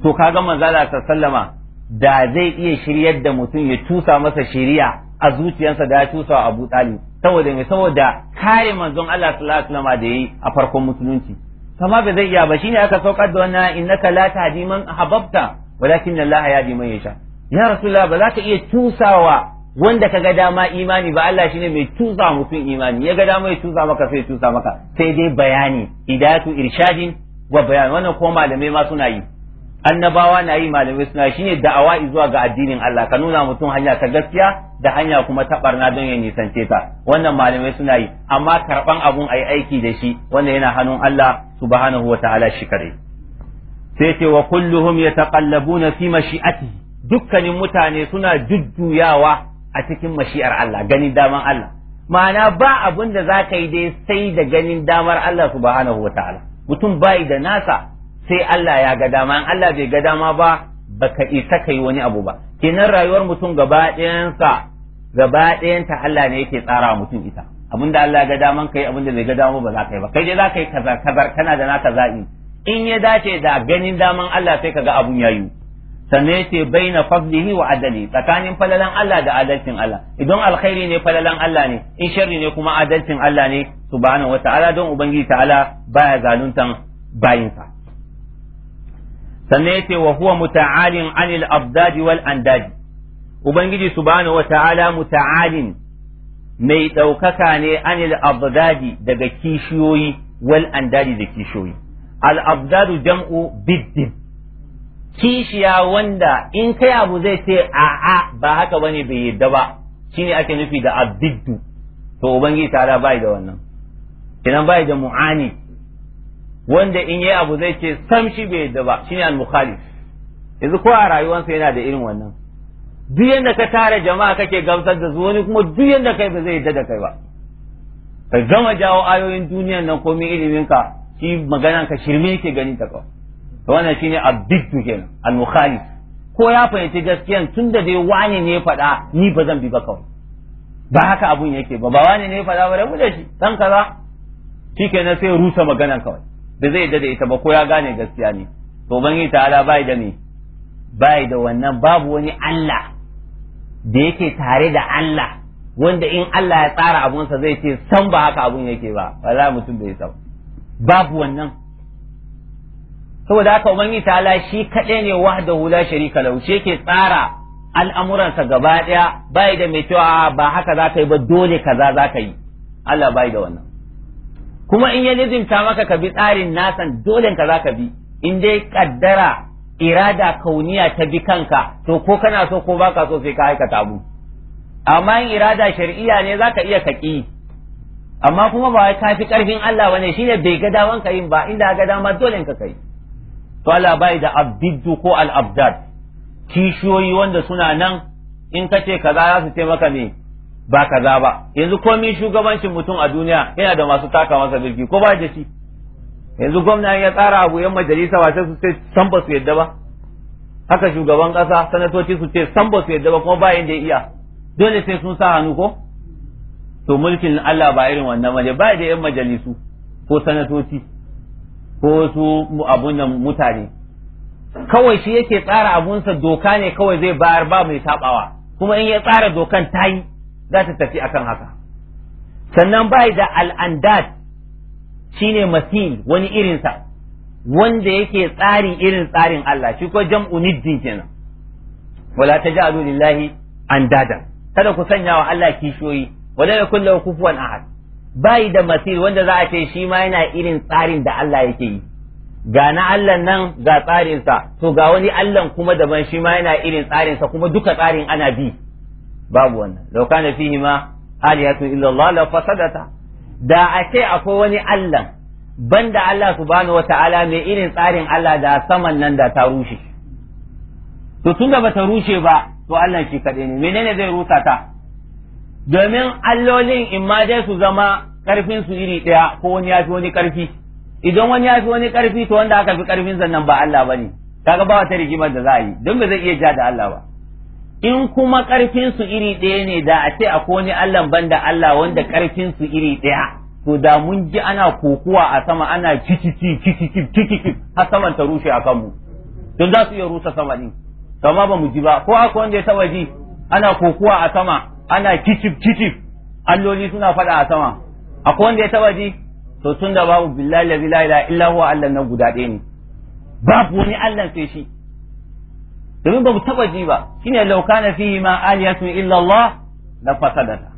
to kaga manzo Allah sallama da zai iya shiryar da mutum ya tusa masa shiriya a zuciyarsa da ya tusa Abu Talib saboda me saboda kare manzon Allah sallallahu alaihi wasallam da yayi a farkon musulunci kama ba zai iya ba shine aka saukar da wannan innaka la tahdi man ahbabta walakin Allah yahdi man yasha ya rasulullah ba za ka iya tusawa wanda ka ga dama imani ba Allah shine mai tusa mutum imani ya ga dama ya tusa maka sai ya tusa maka sai dai bayani idatu irshadin wa bayan wannan ko malamai ma suna yi annabawa na yi malamai suna shine da'awa zuwa ga addinin Allah ka nuna mutum hanya ta gaskiya da hanya kuma ta barna don ya nisance ta wannan malamai suna yi amma karban abun ayi aiki da shi wanda yana hannun Allah subhanahu wa ta'ala shi kare sai ce wa kulluhum yataqallabuna fi mashi'ati dukkanin mutane suna jujjuyawa a cikin mashi'ar Allah ganin daman Allah ma'ana ba abun da za yi dai sai da ganin damar Allah subhanahu wa ta'ala mutum bai da nasa sai Allah ya ga dama in Allah bai ga dama ba baka isa kai wani abu ba kenan rayuwar mutum gaba ɗayansa gaba ɗayanta Allah ne yake tsara mutum ita abinda Allah ga daman kai abinda bai ga dama ba za ka yi ba kai dai za ka yi kazar kaza kana da naka za'i in ya dace da ganin daman Allah sai kaga abun yayu sannan yace baina fadlihi wa adali tsakanin falalan Allah da adalcin Allah idan alkhairi ne falalan Allah ne in sharri ne kuma adalcin Allah ne subhanahu wataala don ubangiji ta'ala baya zaluntan bayinsa sannan yace wa huwa muta'alin anil abdadi wal andaji ubangiji subhanahu wata'ala muta'alin mai ɗaukaka ne anil abdadi daga kishiyoyi wal andaji da kishiyoyi al abdadu jam'u biddin kishiya wanda in kai abu zai ce a'a ba haka bane bai yadda ba shine ake nufi da abdiddu to ubangiji ta'ala bai da wannan idan bai da mu'ani wanda in yi abu zai ce sam shi bai yadda ba shine al-mukhalif yanzu ko a rayuwarsa yana da irin wannan duk yanda ka tara jama'a kake gamsar da su wani kuma duk yanda kai ba zai yadda da kai ba ka gama jawo ayoyin duniyan nan komai ilimin ka shi maganan ka shirme yake ganin ta kawai wannan shine to kenan al-mukhalif ko ya fahimci gaskiya tun da dai wani ne faɗa ni ba zan bi ba kawai ba haka abun yake ba ba wani ne faɗa ba rabu da shi dan kaza kenan sai rusa maganan kawai ba zai da ita ba ko ya gane gaskiya ne to yi ta'ala bai da me bai da wannan babu wani Allah da yake tare da Allah wanda in Allah ya tsara abunsa zai ce san ba haka abun yake ba wala mutum bai san babu wannan saboda haka yi ta'ala shi kaɗai ne wahdahu la sharika lahu shi yake tsara al'amuransa gaba ɗaya bai da mai cewa ba haka za ka yi ba dole kaza za ka yi Allah bai da wannan kuma in ya nizimta maka ka bi tsarin nasan dole ka za ka bi in dai kaddara irada kauniya ta bi kanka to ko kana so ko baka so sai ka aikata mu. amma in irada shari'iya ne zaka iya kaki amma kuma ba ka fi karfin Allah bane shine bai ga daman ka yin ba inda ga dama dole ka kai to Allah bai da abdiddu ko al abdad kishiyoyi wanda suna nan in kace kaza za su maka ne ba kaza ba yanzu komi shugabancin mutum a duniya yana da masu taka masa birki ko ba da shi yanzu gwamna ya tsara abu yan majalisa ba sai su ce san ba su yadda ba haka shugaban kasa sanatoci su ce san ba su yadda ba kuma ba yanda ya iya dole sai sun sa hannu ko to mulkin Allah ba irin wannan ba ba da yan majalisu ko sanatoci ko su abun nan mutane kawai shi yake tsara abunsa doka ne kawai zai bayar ba mai sabawa kuma in ya tsara dokan ta yi za ta tafi akan haka sannan bai da al'andat shine masil wani irinsa wanda yake tsari irin tsarin Allah shi ko jam'u niddin kenan wala ta taj'alu lillahi andada kada ku sanya wa Allah kishoyi wala yakul lahu kufuwan ahad bai da masil wanda za a ce shi ma yana irin tsarin da Allah yake yi ga na Allah nan ga tsarinsa to ga wani Allah kuma daban shi ma yana irin tsarinsa kuma duka tsarin ana bi babu wannan law kana fihi ma aliyatun illa Allah la fasadata da a ce akwai wani Allah banda Allah subhanahu wataala mai irin tsarin Allah da saman nan da ta rushe to tunda bata rushe ba to Allah shi kaɗai ne menene zai rusa ta domin allolin in ma dai su zama karfin su iri ɗaya ko wani ya fi wani karfi idan wani ya fi wani karfi to wanda aka fi karfin sannan ba Allah bane kaga ba wata rigimar da za a yi don ba zai iya ja da Allah ba in kuma ƙarfin iri ɗaya ne da a ce akwai wani Allah banda Allah wanda ƙarfin su iri ɗaya to da mun ji ana kokuwa a sama ana kikici kikici kikici har saman ta rushe a kanmu don za su iya rusa sama ne kama ba mu ji ba ko akwai wanda ya taba ji ana kokuwa a sama ana kicif alloli suna faɗa a sama akwai wanda ya taba ji to tun da babu billahi la ilaha illa huwa Allah na guda ɗaya ne babu wani Allah sai shi domin ba mu taba ji ba shine lauka na fihi ma aliyatun illa la fasadata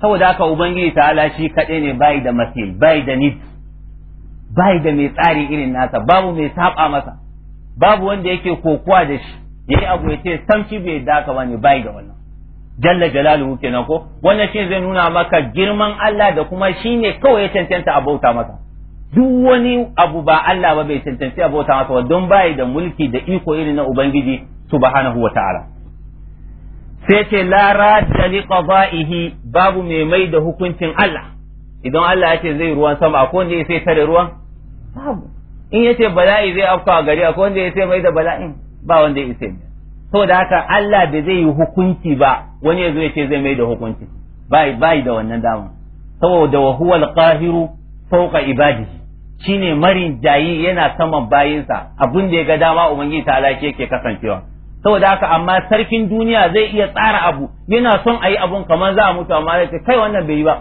saboda aka ubangiji ta'ala shi kaɗai ne bai da masil bai da nid bai da mai tsari irin nasa babu mai saba masa babu wanda yake kokuwa da shi yayi abu ya ce samci bai daka wani bai da wannan jalla jalaluhu kenan ko wannan shi zai nuna maka girman Allah da kuma shine kawai ya cancanta a bauta masa duk wani abu ba Allah ba bai cancanci a bauta masa don bai da mulki da iko irin na ubangiji subhanahu wa ta'ala sai ce la radda li qada'ihi babu mai mai da hukuncin Allah idan Allah ya ce zai ruwan sama akwai wanda ya sai tare ruwan babu in yace bala'i zai afka a gari akwai wanda ya sai mai da bala'in ba wanda ya sai saboda haka Allah bai zai yi hukunci ba wani ya zo ya ce zai mai da hukunci bai bai da wannan dama saboda wa huwal qahiru fawqa ibadihi shine marin jayi yana saman bayinsa abin da ya ga dama ubangiji ta alake yake kasancewa saboda haka amma sarkin duniya zai iya tsara abu yana son a yi abun kamar za a mutu amma ya ce kai wannan bai yi ba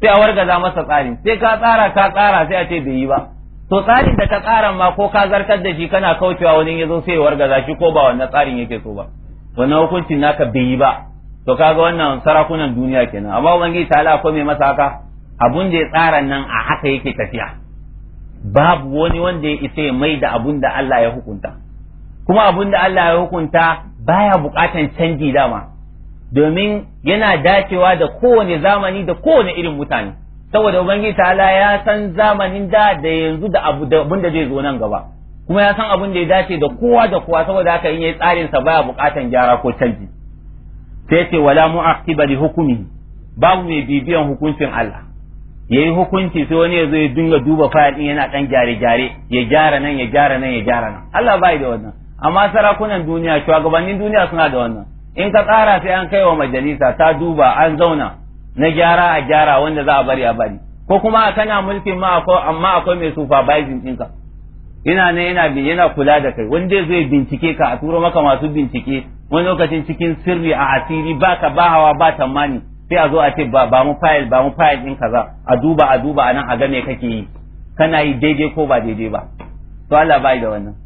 sai a wargaza masa tsarin sai ka tsara ka tsara sai a ce bai yi ba to tsarin da ka tsara ma ko ka zartar da shi kana kaucewa wani ya zo sai ya wargaza shi ko ba wannan tsarin yake so ba wannan hukuncin naka bai yi ba to kaga wannan sarakunan duniya kenan amma ubangiji ta ala akwai mai masa haka abun da ya tsara nan a haka yake tafiya babu wani wanda ya isa ya mai da abun da Allah ya hukunta kuma abin da Allah ya hukunta baya bukatan canji dama domin yana dacewa da kowane zamani da kowane irin mutane saboda ubangiji ta'ala ya san zamanin da da yanzu da abu da abin da zai zo nan gaba kuma ya san abin da ya dace da kowa da kowa saboda haka in yayi tsarin sa baya bukatan gyara ko canji sai ce wala mu'aqiba li hukmi babu mai bibiyan hukuncin Allah yayi hukunci sai wani ya zo ya dinga duba fayil din yana dan gyare gyare ya gyara nan ya gyara nan ya gyara nan Allah bai da wannan amma sarakunan duniya shugabannin duniya suna da wannan in ka tsara sai an kai wa majalisa ta duba an zauna na gyara a gyara wanda za a bari a bari ko kuma a kana mulkin ma akwai amma akwai mai supervising ɗinka ina ne yana yana kula da kai wanda zai bincike ka a turo maka masu bincike wani lokacin cikin sirri a asiri baka ba hawa ba tamani sai a zo a ce ba mu file ba mu file din kaza a duba a duba anan a ga me kake yi kana yi daidai ko ba daidai ba to Allah bai da wannan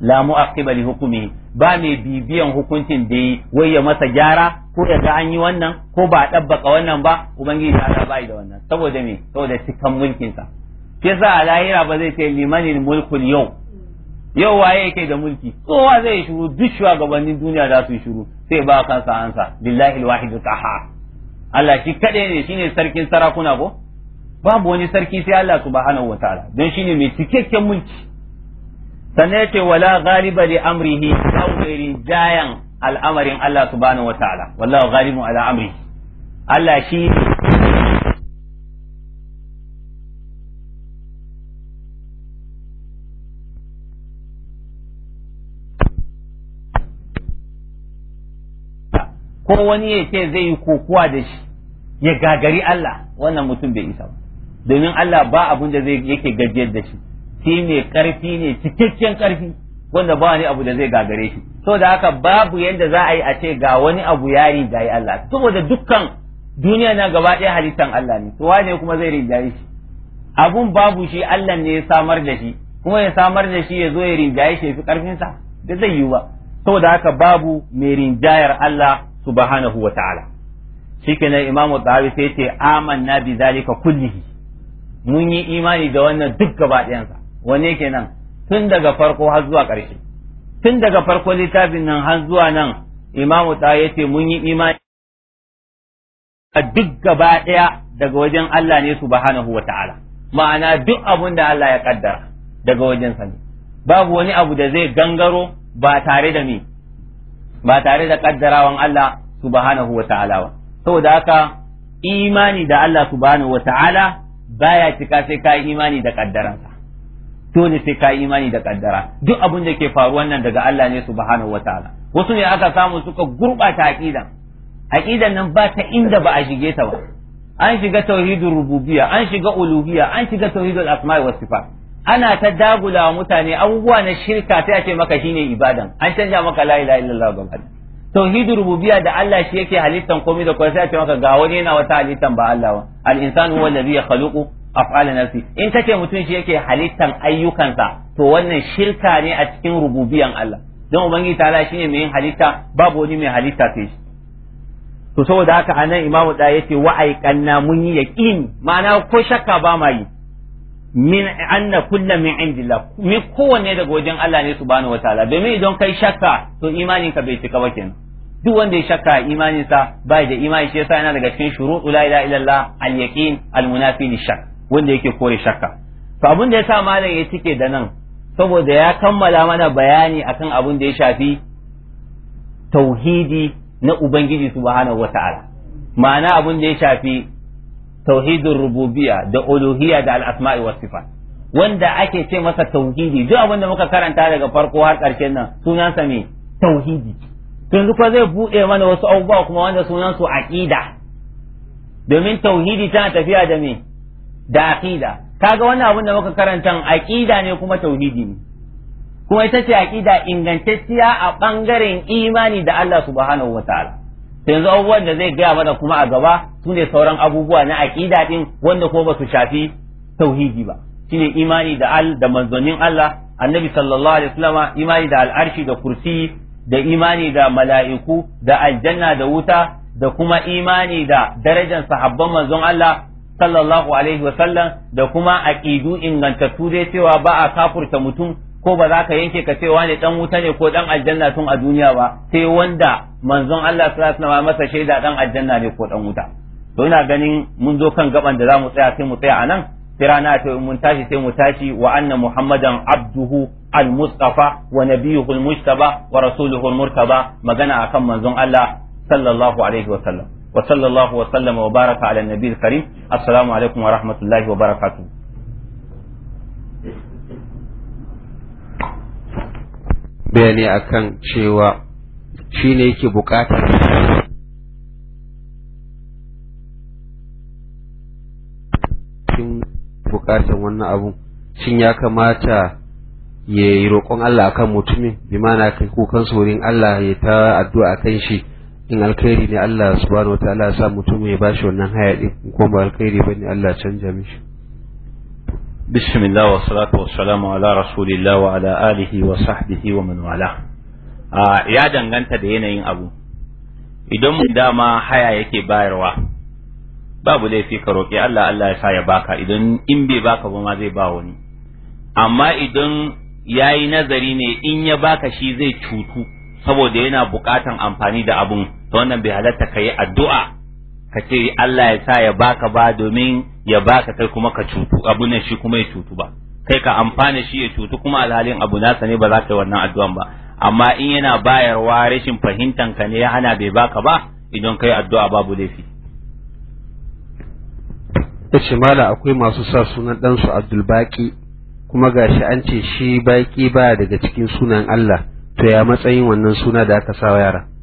la mu'aqqiba li hukumi ba mai bibiyan hukuncin da yi wai ya masa gyara ko ya ga an yi wannan ko ba a dabbaka wannan ba ubangiji ta ba da wannan saboda me saboda cikan mulkin sa yasa a lahira ba zai ce limanil mulkul yau yau waye yake da mulki kowa zai shiru duk shugabannin duniya za su shuru shiru sai ba kansa ansa billahi alwahid qahhar Allah shi kade ne shine sarkin sarakuna ko babu wani sarki sai Allah subhanahu wataala don shine mai cikakken mulki sannan ce wala ghaliba li amrihi tawri jayan al'amarin Allah subhanahu wataala wallahu ghalibun ala amri Allah shi ko wani ya ce zai yi kokuwa da shi ya gagari Allah wannan mutum bai isa ba domin Allah ba abin da zai yake gajiyar da shi shi mai karfi ne cikakken karfi wanda ba wani abu da zai gagare shi da haka babu yadda za a yi a ce ga wani abu ya rinjayi Allah saboda dukkan duniya na gaba ɗaya halittan Allah ne to wane kuma zai rinjaye shi abun babu shi Allah ne ya samar da shi kuma ya samar da shi ya zo ya rinjaye shi ya fi karfin sa da zai yi ba saboda haka babu mai rinjayar Allah subhanahu wa ta'ala shikenan imamu tsahabi sai ce amanna bi zalika kullihi mun yi imani da wannan duk gaba ɗayansa wane kenan tun daga farko har zuwa ƙarshe tun daga farko littafin nan har zuwa nan imamu ta ce mun yi imani a duk gaba ɗaya daga wajen Allah ne su subhanahu wa ta'ala ma'ana duk abun da Allah ya kaddara daga wajen sa ne babu wani abu da zai gangaro ba tare da ni ba tare da kaddarawan Allah subhanahu wa ta'ala ba saboda haka imani da Allah subhanahu wa ta'ala baya cika sai ka imani da kaddaransa dole sai ka imani da kaddara duk abin da ke faruwa nan daga Allah ne subhanahu wataala wasu ne aka samu suka gurbata aqidan aqidan nan ba ta inda ba a shige ta ba an shiga Tauhidur rububiyya an shiga uluhiyya an shiga tauhidul asma'i was sifat ana ta dagula mutane abubuwa na shirka ta a ce maka shine ibadan an canja maka la ilaha illallah gaba tauhidur rububiyya da Allah shi yake halittan komai da komai sai a ce maka ga wani yana wata halittan ba Allah ba al insanu huwa allazi yakhluqu afali nafsi in kace mutum shi yake halittan ayyukansa to wannan shirka ne a cikin rububiyan Allah don ubangiji ta'ala shine mai halitta babu wani mai halitta sai shi to saboda haka anan imamu da yace wa kanna mun yi yaqin ma'ana ko shakka ba ma yi min anna kullu min indillah mi kowanne daga wajen Allah ne subhanahu wataala domin idan kai shakka to imanin ka bai cika ba kenan duk wanda ya shakka imaninsa bai da imani shi yasa yana daga cikin shuruɗu la ilaha illallah al yaqin al munafi shakka wanda yake kore shakka to abin da yasa malam ya cike da nan saboda ya kammala mana bayani akan abin da ya shafi tauhidi na ubangiji subhanahu wata'ala ma'ana abin da ya shafi tauhidin rububiyya da uluhiyya da al'asma'i was sifat wanda ake ce masa tauhidi duk abin da muka karanta daga farko har ƙarshen nan sunansa me tauhidi yanzu kuma zai buɗe mana wasu abubuwa kuma wanda sunansu aqida domin tauhidi tana tafiya da me da aqida kaga wannan abin da muka karanta aqida ne kuma tauhidi ne kuma ita ce aqida ingantacciya a bangaren imani da Allah subhanahu wataala yanzu abubuwan da zai gaya mana kuma a gaba su ne sauran abubuwa na aqida din wanda ko ba su shafi tauhidi ba shine imani da al da manzonin Allah annabi sallallahu alaihi wasallama imani da al'arshi da kursi da imani da mala'iku da aljanna da wuta da kuma imani da darajar sahabban manzon Allah sallallahu alaihi wasallam da kuma aqidu ingantattu dai cewa ba a kafurta mutum ko ba za ka yanke ka cewa ne dan wuta ne ko dan aljanna tun a duniya ba sai wanda manzon Allah sallallahu alaihi wasallam masa shaida dan aljanna ne ko dan wuta to ina ganin mun zo kan gaban da zamu tsaya sai mu tsaya anan sai rana ta mun tashi sai mu tashi wa anna muhammadan abduhu al wa nabiyuhu al wa rasuluhu al magana akan manzon Allah sallallahu alaihi wasallam وصلى الله وسلم وبارك على النبي الكريم السلام عليكم ورحمة الله وبركاته bayani akan cewa shi ne yake Shin bukatar wannan abu shin ya kamata ya yi roƙon Allah akan mutumin bi mana kai kukan sorin Allah ya ta addu'a kan shi in alkhairi ne Allah subhanahu wa ya sa mutum ya bashi wannan hayaɗi, ko ba alkhairi bane Allah canja mishi bismillah wa salatu wa salamu ala rasulillah wa ala alihi wa sahbihi wa man wala ya danganta da yanayin abu idan mu dama haya yake bayarwa babu laifi ka roƙi Allah Allah ya sa ya baka idan in bai baka ba ma zai ba wani amma idan yayi nazari ne in ya baka shi zai cutu saboda yana buƙatan amfani da abun wannan bai halatta ka yi addu'a ka ce Allah ya sa ya baka ba domin ya baka kai kuma ka cutu abu ne shi kuma ya cutu ba kai ka amfana shi ya cutu kuma alhalin abu nasa ne ba za ka yi wannan addu'an ba amma in yana bayarwa rashin fahimtan ka ne ya hana bai baka ba idan kai addu'a babu laifi ce mala akwai masu sa sunan ɗansu Abdulbaki kuma gashi an ce shi baki baya daga cikin sunan Allah to ya matsayin wannan suna da aka sa yara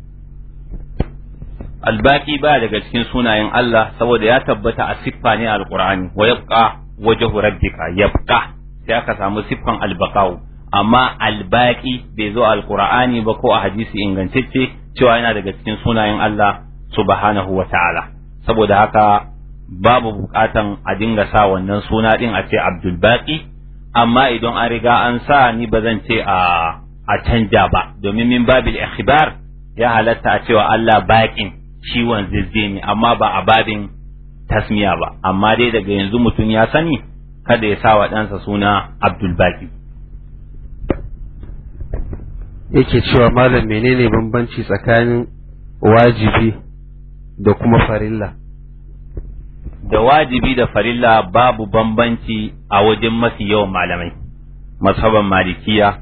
albaki ba daga cikin sunayen Allah saboda ya tabbata a siffa ne alqur'ani wa yabqa wajhu rabbika sai aka samu siffan albaqau amma albaki bai zo alƙur'ani ba ko a hadisi ingantacce cewa yana daga cikin sunayen Allah subhanahu wa ta'ala saboda haka babu buƙatan a dinga sa wannan suna din a ce abdul baqi amma idan an riga an sa ni ba zan ce a a canja ba domin min babil ikhbar ya halatta a cewa Allah baƙin. ciwon ne amma ba a babin tasmiya ba amma dai daga yanzu mutum ya sani kada ya sa wa ɗansa suna abdulbaki yake cewa malam menene bambanci tsakanin wajibi da kuma farilla da wajibi da farilla babu bambanci a wajen mafi yawan malamai mashaban malikiya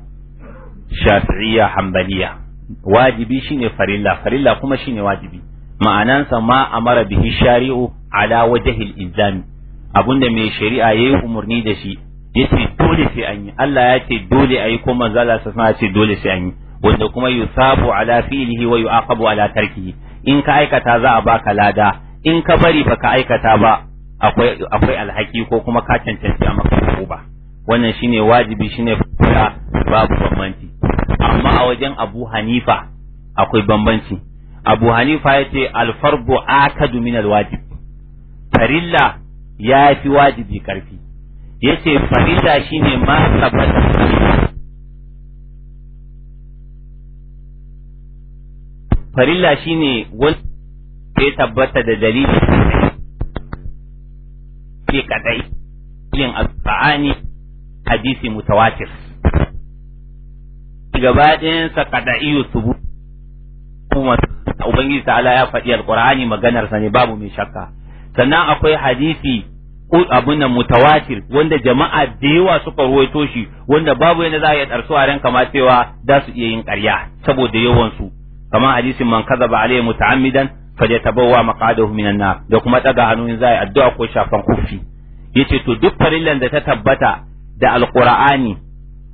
shafi'iyya hambaliya wajibi shine farilla farilla kuma shine wajibi ma'anansa ma a mara bihi shari'u ala wajhil ilzami abunda mai shari'a ya yi umarni da shi yace dole sai an yi Allah ya ce dole ayi ko manzo Allah sa ce dole sai an yi wanda kuma yusabu ala fi'lihi wa yu'aqabu ala tarkihi in ka aikata za a baka lada in ka bari baka aikata ba akwai akwai alhaki ko kuma ka cancanci a maka ba wannan shine wajibi shine fara babu bambanci amma a wajen Abu Hanifa akwai bambanci abu hanifa ya ce alfarbu akadu min alwajib farilla ya fi wajibi karfi ya ce farilla shi ne ma tabbata farilla shi ne wanda ya tabbata da dalili ke kadai yin alqur'ani hadisi mutawatir gaba ɗayan kada iyo yusubu ubangiji ta'ala ya faɗi Alƙur'ani maganar sa ne babu mai shakka sannan akwai hadisi abun nan mutawatir wanda jama'a da yawa suka ruwaito shi wanda babu yadda za a iya ɗarsu a ranka ma cewa za su iya yin ƙarya saboda yawan su kamar hadisin man kazaba alayhi muta'ammidan falyatabawwa maqadahu minan nar da kuma daga hannu in za a addu'a ko shafan kufi yace to duk farillan da ta tabbata da Alƙur'ani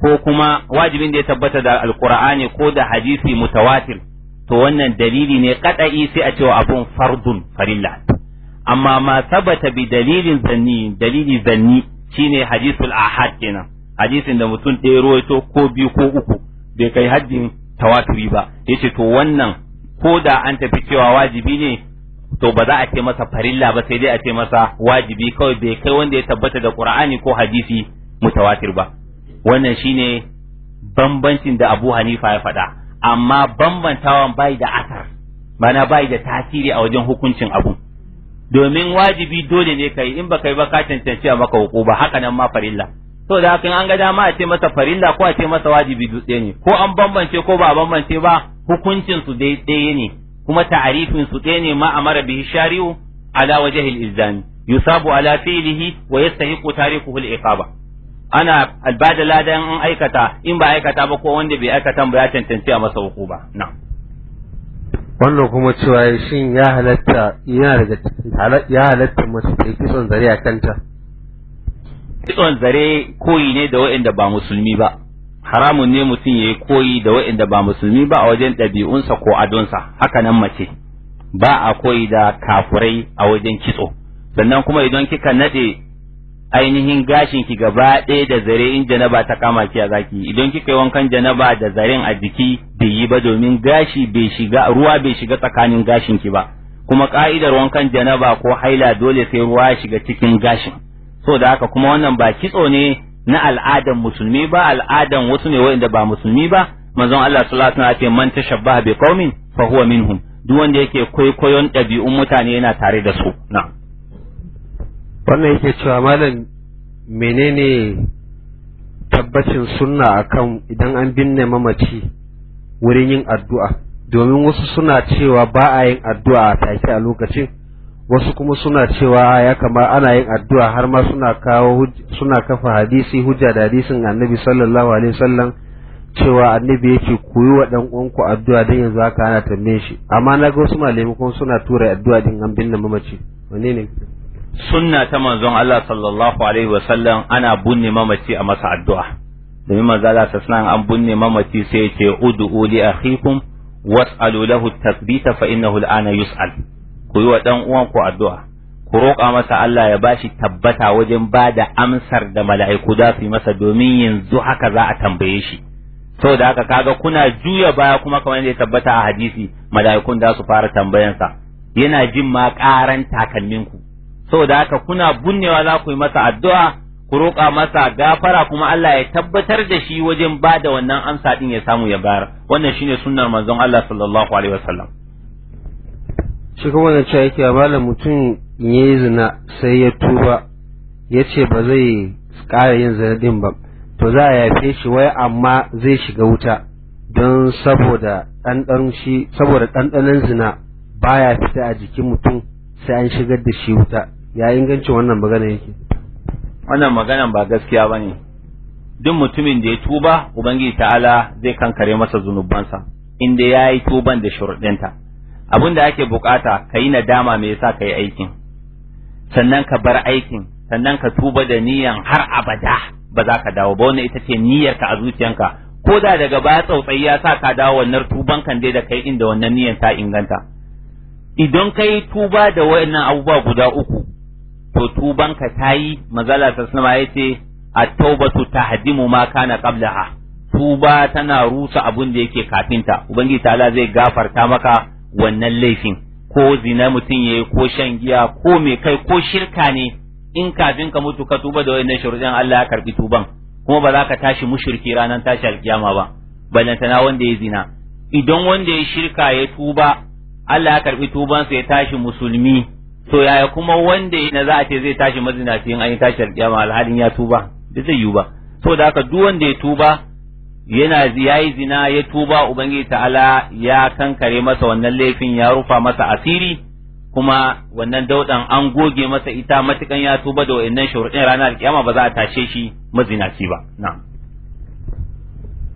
ko kuma wajibin da ya tabbata da Alƙur'ani ko da hadisi mutawatir to wannan dalili ne kadai sai a cewa abun fardun farilla amma ma sabata bi dalilin zanni dalili zanni shine hadisul ahad kenan hadisin da mutum ɗaya ruwaito ko biyu ko uku bai kai haddin tawaturi ba yace to wannan ko da an tafi cewa wajibi ne to ba za a ce masa farilla ba sai dai a ce masa wajibi kawai bai kai wanda ya tabbata da qur'ani ko hadisi mutawatir ba wannan shine bambancin da Abu Hanifa ya faɗa amma bambantawan bai da asar mana bai da tasiri a wajen hukuncin abu domin wajibi dole ne kai in baka yi ba ka cancanci a maka ba haka nan ma farilla to da an ga dama a ce masa farilla ko a ce masa wajibi dutse ne ko an bambance ko ba bambance ba hukuncin su dai ɗaya ne kuma ta'arifin su ɗaya ne ma amara bihi shari'u ala wajhil ilzami yusabu ala fi'lihi wa yastahiqu tarikuhu al-iqaba ana albada ladan an aikata in ba aikata ba ko wanda bai aikata ba ya tantance a masa hukuma na wannan kuma cewa shin ya halatta yana daga ya halatta mace ta kitson zare a kanta kitson zare koyi ne da waɗanda ba musulmi ba haramun ne mutum ya yi koyi da waɗanda ba musulmi ba a wajen ɗabi'unsa ko adonsa haka nan mace ba a koyi da kafurai a wajen kitso sannan kuma idan kika nade. ainihin gashin ki gaba ɗaya da zare in janaba ta kama ki a zaki idan kika yi wankan janaba da zaren a jiki bai yi ba domin gashi bai shiga ruwa bai shiga tsakanin gashin ki ba kuma ka'idar wankan janaba ko haila dole sai ruwa shiga cikin gashin so da haka kuma wannan ba kitso ne na al'adan musulmi ba al'adan wasu ne wanda ba musulmi ba manzon Allah sallallahu alaihi wasallam man tashabbaha bi qaumin fa huwa minhum duk wanda yake kwaikwayon ɗabi'un mutane yana tare da su na'am wannan yake cewa malam menene tabbacin sunna akan idan an binne mamaci wurin yin addu'a domin wasu suna cewa ba a yin addu'a a take a lokacin wasu kuma suna cewa ya kama ana yin addu'a har ma suna kawo suna kafa hadisi hujja da hadisin annabi sallallahu alaihi wasallam cewa annabi yake koyi wa dan uwanku addu'a dan yanzu haka ana tambaye shi amma na ga wasu malamu kuma suna tura addu'a din an binne mamaci wane ne sunna ta manzon Allah sallallahu alaihi wa sallam ana bunne mamaci a masa addu'a domin manzo Allah sallallahu an bunne mamaci sai ya ce ud'u li akhikum was'alu lahu at-tathbita fa innahu al-ana yus'al ku yi wa dan uwan ku addu'a ku roƙa masa Allah ya bashi tabbata wajen ba da amsar da mala'iku za su yi masa domin yanzu haka za a tambaye shi saboda haka kaga kuna juya baya kuma kamar yadda ya tabbata a hadisi mala'ikun za su fara tambayansa yana jin ma ƙaran takalminku saboda haka kuna bunnewa za ku yi masa addu'a ku roƙa masa gafara kuma Allah ya tabbatar da shi wajen ba da wannan amsa din ya samu ya bayar wannan shine sunnar manzon Allah sallallahu alaihi wasallam shi kuma da cewa yake malam mutum yi zina sai ya tuba yace ba zai ƙara yin zina din ba to za a yafe shi wai amma zai shiga wuta don saboda ɗanɗan shi saboda ɗanɗanon zina baya fita a jikin mutum sai an shigar da shi wuta ya ingancin wannan magana yake wannan maganan ba gaskiya ba ne duk mutumin da ya tuba ubangiji ta'ala zai kankare masa zunubansa inda ya yi tuban da shuruɗinta. abin da ake bukata ka yi nadama me yasa ka yi aikin sannan ka bar aikin sannan ka tuba da niyan har abada ba za ka dawo ba wannan ita ce niyyarka a zuciyanka ko da daga baya tsautsayi ya sa ka dawo wannan tuban kan dai da kai inda wannan niyan ta inganta idan ka yi tuba da wayannan abubuwa guda uku to tuban ka tayi mazala ta sama yace at-taubatu tahdimu ma kana qablaha tuba tana rusa abun da yake kafinta ubangiji ta'ala zai gafarta maka wannan laifin ko zina mutum yayi ko shan giya ko me kai ko shirka ne in kafin ka mutu ka tuba da wannan sharuɗin Allah ya karbi tuban kuma ba za ka tashi mushriki ranar tashi alkiyama ba ballantana wanda ya zina idan wanda ya shirka ya tuba Allah ya karbi sa ya tashi musulmi to yaya kuma wanda na za a ce zai tashi mazinaci in an yi tashi alƙiyama alhalin ya tuba da zai yiwu ba da haka duk wanda ya tuba yana yayi zina ya tuba ubangiji ta'ala ya kankare masa wannan laifin ya rufa masa asiri kuma wannan dauɗan an goge masa ita matukan ya tuba da wayannan sharuɗin ranar alƙiyama ba za a tashe shi mazinaci ba na'am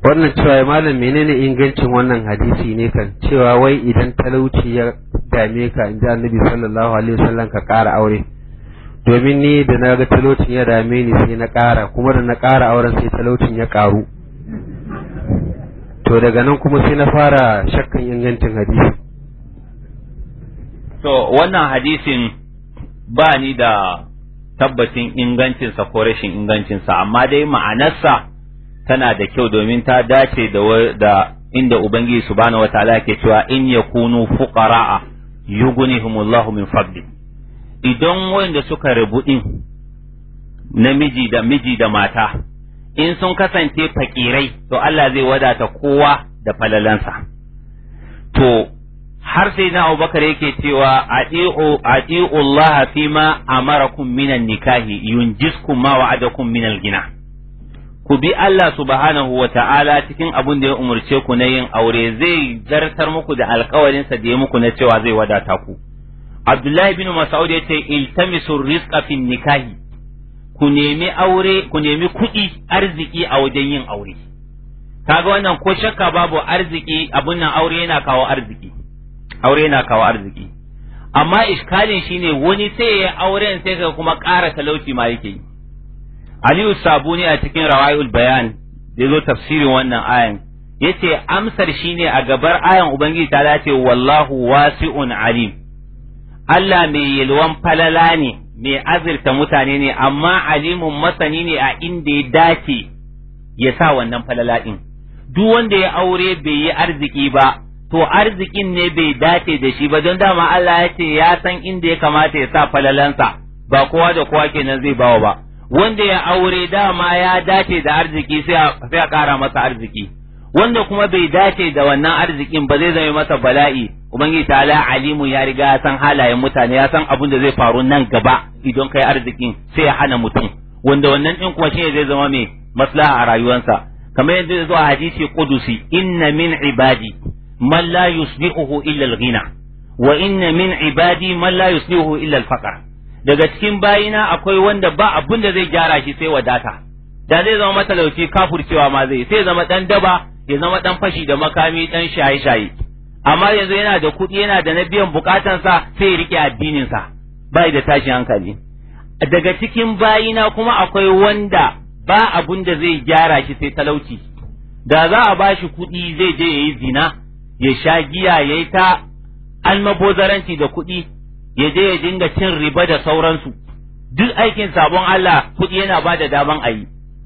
wannan cewa ya malam menene ingancin wannan hadisi ne kan cewa wai idan talauci ya dame ka inji annabi sallallahu alaihi wasallam ka ƙara aure domin ni da na ga talaucin ya dame ni sai na ƙara kuma da na ƙara auren sai talaucin ya ƙaru to daga nan kuma sai na fara shakkan ingancin hadisi to wannan hadisin ba ni da tabbacin ingancinsa ko rashin ingancinsa amma dai ma'anarsa tana da kyau domin ta dace da inda ubangiji subhanahu ta'ala yake cewa in yakunu fuqara'a yughnihumullahu min fadli idan wanda suka rubudin din namiji da miji da mata in sun kasance fakirai to Allah zai wadata kowa da falalansa to har sai na Abubakar yake cewa ati'u ati'u Allah fi ma amarakum minan nikahi yunjiskum ma wa'adakum minal gina ku bi Allah subhanahu wa ta'ala cikin abun da ya umarce ku na yin aure zai zartar muku da alkawarinsa da ya muku na cewa zai wadata ku. Abdullahi bin Mas'ud ya ce iltamisu rizqa fin nikahi ku nemi aure ku nemi kuɗi arziki a wajen yin aure. Kaga wannan ko shakka babu arziki abun nan aure yana kawo arziki. Aure yana kawo arziki. Amma iskalin shine wani sai ya auren sai ka kuma ƙara talauci ma yake yi. aliyu sabuni a cikin rawayul bayan da zo tafsirin wannan ayan yace amsar shine a gabar ayan ubangiji ta dace wallahu wasi'un alim Allah mai yalwan falala ne mai azirta mutane ne amma alimun masani ne a inda ya dace ya sa wannan falala din duk wanda ya aure bai yi arziki ba to arzikin ne bai dace da shi ba don dama Allah ya ce ya san inda ya kamata ya sa falalansa ba kowa da kowa kenan zai bawa ba wanda ya aure dama ya dace da arziki sai a ƙara masa arziki wanda kuma bai dace da wannan arzikin ba zai zama masa bala'i ubangiji ta'ala alimu ya riga ya san halayen mutane ya san abin da zai faru nan gaba idan kai arzikin sai ya hana mutum wanda wannan din kuma shi zai zama mai maslaha a rayuwarsa kamar yadda ya zo a hadisi qudusi inna min ibadi man la yusbihu illa al-ghina wa inna min ibadi man la yusbihu illa al-faqr daga cikin bayina akwai wanda ba abin da zai gyara shi sai wadata da zai zama matalauci kafurcewa ma zai sai zama dan daba ya zama dan fashi da makami dan shaye-shaye amma yanzu yana da kuɗi yana da na biyan bukatansa sai ya rike addinin sa bai da tashin hankali daga cikin bayina kuma akwai wanda ba abun da zai gyara shi sai talauci da za a bashi kuɗi zai je yayi zina ya sha giya yayi ta almabozaranci da kuɗi ya je ya dinga cin riba da sauransu duk aikin sabon Allah kuɗi yana ba da daman a yi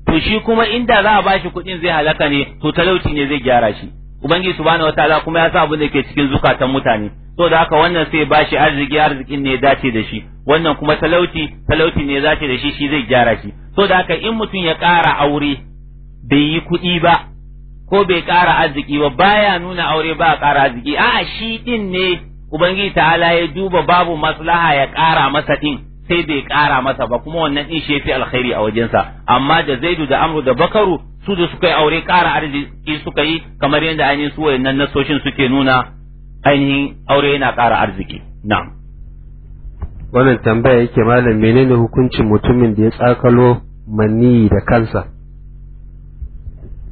to shi kuma inda za a ba shi kuɗin zai halaka ne to talauci ne zai gyara shi ubangiji subhanahu wataala kuma ya sa abin da ke cikin zukatan mutane to da haka wannan sai ba shi arziki arzikin ne dace da shi wannan kuma talauci talauci ne dace da shi shi zai gyara shi to da haka in mutum ya ƙara aure bai yi kuɗi ba ko bai ƙara arziki ba baya nuna aure ba a ƙara arziki a'a shi din ne ubangiji ta'ala ya duba babu maslaha ya ƙara masa ɗin sai bai ƙara masa ba kuma wannan din shi yafi alkhairi a wajensa amma da zaidu da amru da bakaru su da suka yi aure ƙara arziki suka yi kamar yadda ainihin su wayannan nasoshin suke nuna ainihin aure yana ƙara arziki na'am wannan tambaya yake malam menene hukuncin mutumin da ya tsakalo manni da kansa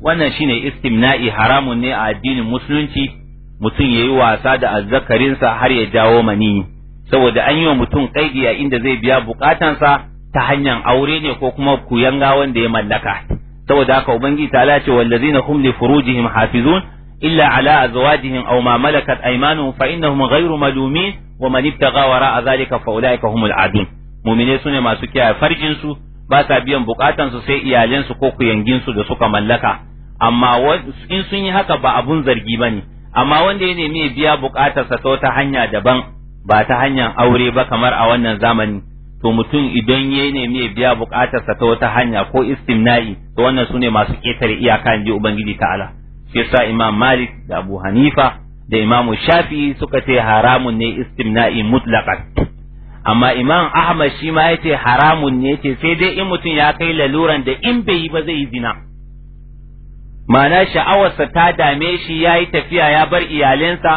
wannan shine istimna'i haramun ne a addinin musulunci mutum ya yi wasa da azzakarinsa har ya jawo mani saboda an yi wa mutum kaidi a inda zai biya bukatansa ta hanyar aure ne ko kuma kuyanga wanda ya mallaka saboda haka ubangiji ta lace wallazina hum li furujihim hafizun illa ala azwajihim aw ma malakat aymanuhum fa innahum ghayru malumin wa man ibtagha wara'a zalika fa ulaika humul adun mu'mine sune masu kiyaye farjin su ba sa biyan bukatansu sai iyalansu ko kuyangin su da suka mallaka amma in sun yi haka ba abun zargi bane amma wanda ya nemi ya biya bukatarsa ta hanya daban ba ta hanyar aure ba kamar a wannan zamani to mutum idan ya nemi ya biya bukatarsa ta wata hanya ko istimna'i to wannan sune masu ketare iyaka inji ubangiji ta'ala shi yasa imam malik da abu hanifa da imam shafi suka ce haramun ne istimna'i mutlaqan amma imam ahmad shi ma yace haramun ne yace sai dai in mutum ya kai laluran da in bai yi ba zai yi zina ma'ana sha'awarsa ta dame shi ya yi tafiya ya bar iyalinsa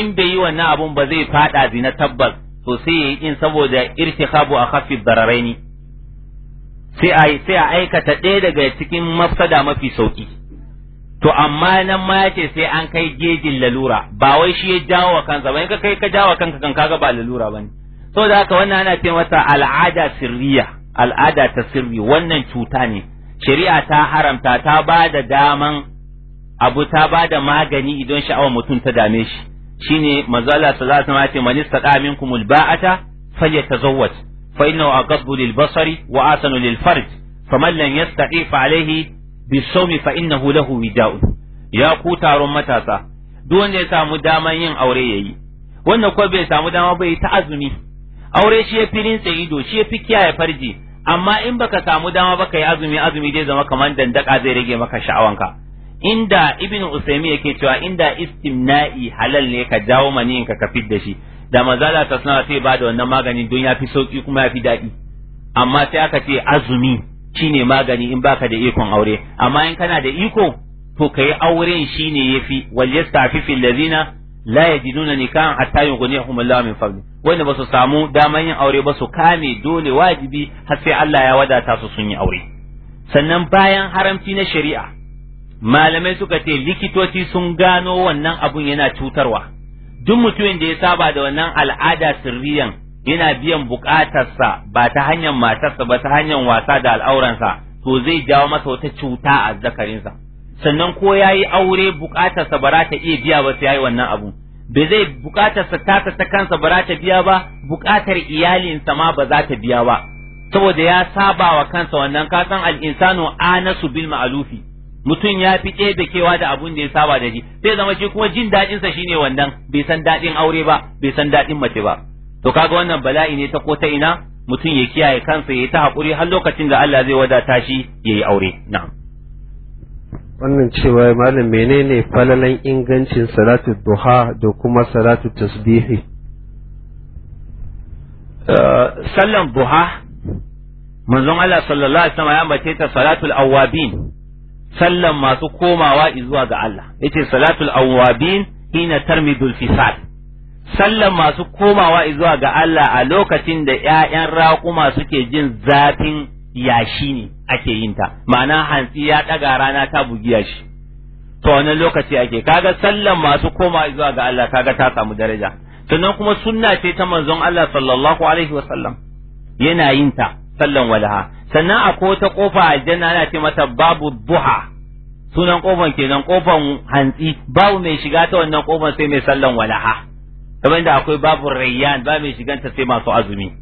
in bai yi wannan abun ba zai fada zina tabbas to sai ya yi in saboda irki habu a hafi dararaini sai a sai a aikata ɗaya daga cikin mafsada mafi sauki to amma nan ma yace sai an kai gejin lalura ba wai shi ya jawo wa kansa ba in ka kai ka jawo kanka kan kaga ba lalura bane saboda haka wannan ana ce masa al'ada sirriya al'ada ta sirri wannan cuta ne shari'a ta haramta ta ba da daman abu ta ba da magani idan sha'awar mutum ta dame shi shine manzo Allah sallallahu alaihi wasallam ya ce man istaqa minkum alba'ata falyatazawwaj fa innahu aqaddu lilbasari wa asanu lilfarj faman lam yastaqi fa alayhi bisawmi fa innahu lahu wida'u ya ku taron matasa duk wanda ya samu daman yin aure yayi wannan ko bai samu dama bai ta azumi aure shi ya fi rinsa ido shi ya fi kiyaye farji amma in baka samu dama ba yi azumi azumi dai zama kamar dandaka zai rage maka sha'awanka inda ibn usaymi yake cewa inda istimna'i halal ne ka jawo in ka ka da shi da mazala ta suna sai ba da wannan magani don ya fi sauki kuma ya fi daɗi amma sai aka ce azumi shine magani in baka da ikon aure amma in kana da iko to kai auren shine yafi wal yastafifi allazina la yajiduna nikahan hatta yughniyahum Allah min fadli wanda ba su samu daman yin aure ba su kame dole wajibi har sai Allah ya wadata su sun yi aure sannan bayan haramci na shari'a malamai suka ce likitoci sun gano wannan abun yana cutarwa duk mutumin da ya saba da wannan al'ada sirriyan yana biyan bukatarsa ba ta hanyar matarsa ba ta hanyar wasa da al'auransa to zai jawo masa wata cuta a zakarinsa sannan ko ya yi aure bukatarsa ba za ta iya biya ba sai yi wannan abu Ba zai bukatarsa tasa ta kansa ba za ta biya ba bukatar iyalinsa ma ba za ta biya ba saboda ya saba wa kansa wannan ka san al-insanu anasu bil ma'alufi mutum ya fi kewa da abun da ya saba da shi sai zama shi kuma jin daɗinsa sa shine wannan bai san dadin aure ba bai san dadin mace ba to kaga wannan bala'i ne ta ko ta ina mutum ya kiyaye kansa yayi ta hakuri har lokacin da Allah zai wadata shi yi aure na'am wannan cewa malam menene falalan ingancin salatu duha da kuma salatu tasbihi eh, sallan duha manzon Allah sallallahu alaihi wasallam ya ambace ta salatul awabin sallan masu komawa zuwa ga Allah yace salatul awabin hina tarmidul fisal sallan masu komawa zuwa ga Allah a lokacin da ƴaƴan raƙuma suke jin zafin yashi ne ake yin ta ma'ana hantsi ya ɗaga rana ta bugi yashi to wannan lokaci ake kaga sallan masu koma zuwa ga Allah kaga ta samu daraja sannan kuma sunna ce ta manzon Allah sallallahu alaihi wa sallam yana yin ta sallan walaha sannan akwai wata kofa a aljanna ana ce mata babu buha sunan kofan kenan kofan hantsi babu mai shiga ta wannan kofan sai mai sallan walaha kamar da akwai babu rayyan ba mai shiganta sai masu azumi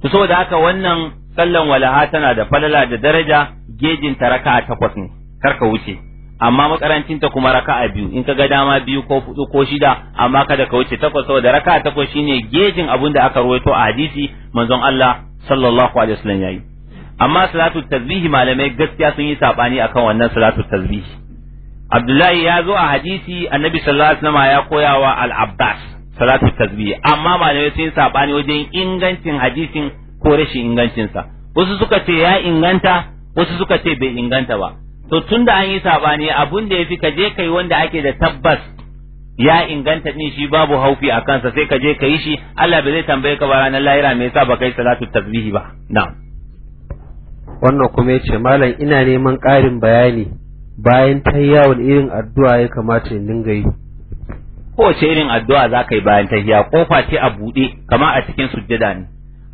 to saboda haka wannan Sallar walaha tana da falala da daraja gejin ta raka'a takwas ne kar wuce amma makarancin ta kuma raka'a biyu in ka ga dama biyu ko hudu ko shida amma kada ka wuce takwas saboda raka'a takwas shine gejin abin da aka rawaito a hadisi manzon Allah sallallahu alaihi wasallam yayi amma salatu tasbih malamai gaskiya sun yi sabani akan wannan salatu tasbih Abdullahi ya zo a hadisi annabi sallallahu alaihi wasallam ya koyawa al-Abbas salatu tasbih amma malamai sun yi sabani wajen ingancin hadisin ko rashin ingancinsa wasu suka ce ya inganta wasu suka ce bai inganta ba to tun da an yi sabani abun da ya fi ka je kai wanda ake da tabbas ya inganta din shi babu haufi a kansa sai ka je ka yi shi Allah bai zai tambaye ka ba ranar lahira mai sa ba kai salatu tasbihi ba na'am wannan kuma yace malam ina neman ƙarin bayani bayan ta yawon irin addu'a ya kamata in dinga yi kowace irin addu'a za ka yi bayan tahiya ƙofa ce a buɗe kama a cikin sujjada ne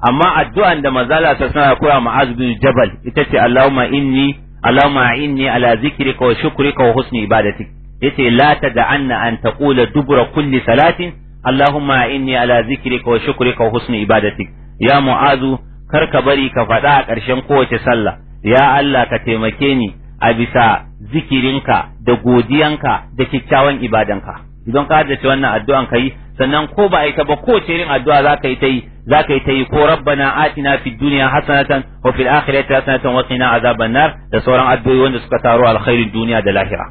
amma addu'an da manzala ta sana koya ma'az bin jabal ita ce allahumma inni allahumma inni ala zikrika wa shukrika wa husni ibadatik yace la anna an taqula dubra kulli salatin allahumma inni ala zikrika wa shukrika wa husni ibadatik ya mu'azu kar ka bari ka faɗa a ƙarshen kowace sallah ya allah ka taimake ni a bisa zikirinka da godiyanka da kyakkyawan ibadanka idan ka haddace wannan addu'an kai sannan ko ba a yi ta ba ce irin addu'a za ka yi ta yi za ka yi ta yi ko rabbana atina fid dunya hasanatan wa fil akhirati hasanatan wa qina azaban nar da sauran addu'o'i wanda suka taro alkhairin duniya da lahira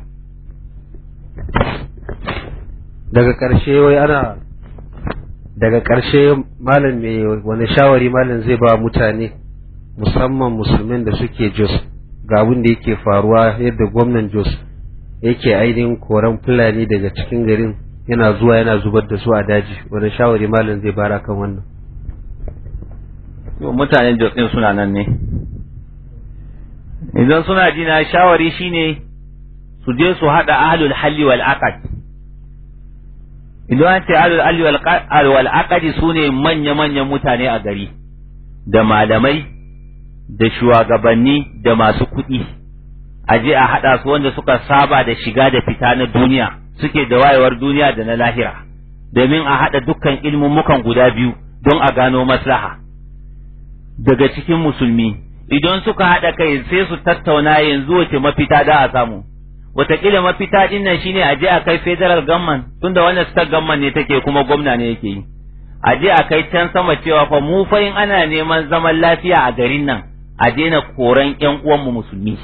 daga karshe wai ana daga karshe malam mai wani shawari malam zai ba mutane musamman musulmin da suke Jos ga abin da yake faruwa yadda gwamnan Jos yake ainihin koran fulani daga cikin garin yana zuwa yana zubar da su a daji wani shawari malam zai bara kan wannan mutanen jos suna nan ne idan suna jina shawari shine su je su hada ahlul halli wal aqd idan ce ahlul halli wal su sune manya manyan mutane a gari da malamai da shugabanni da masu kuɗi a je a haɗa su wanda suka saba da shiga da fita na duniya suke da wayewar duniya da na lahira domin a haɗa dukkan ilmummukan guda biyu don a gano maslaha daga cikin musulmi idan suka haɗa kai sai su tattauna yanzu wace mafita da a samu wataƙila mafita ɗin nan shine a je a kai federal gamman tunda wannan state gamman ne take kuma gwamna ne yake yi a je a kai can sama cewa fa mu fa in ana neman zaman lafiya a garin nan a daina koran ƴan uwanmu musulmi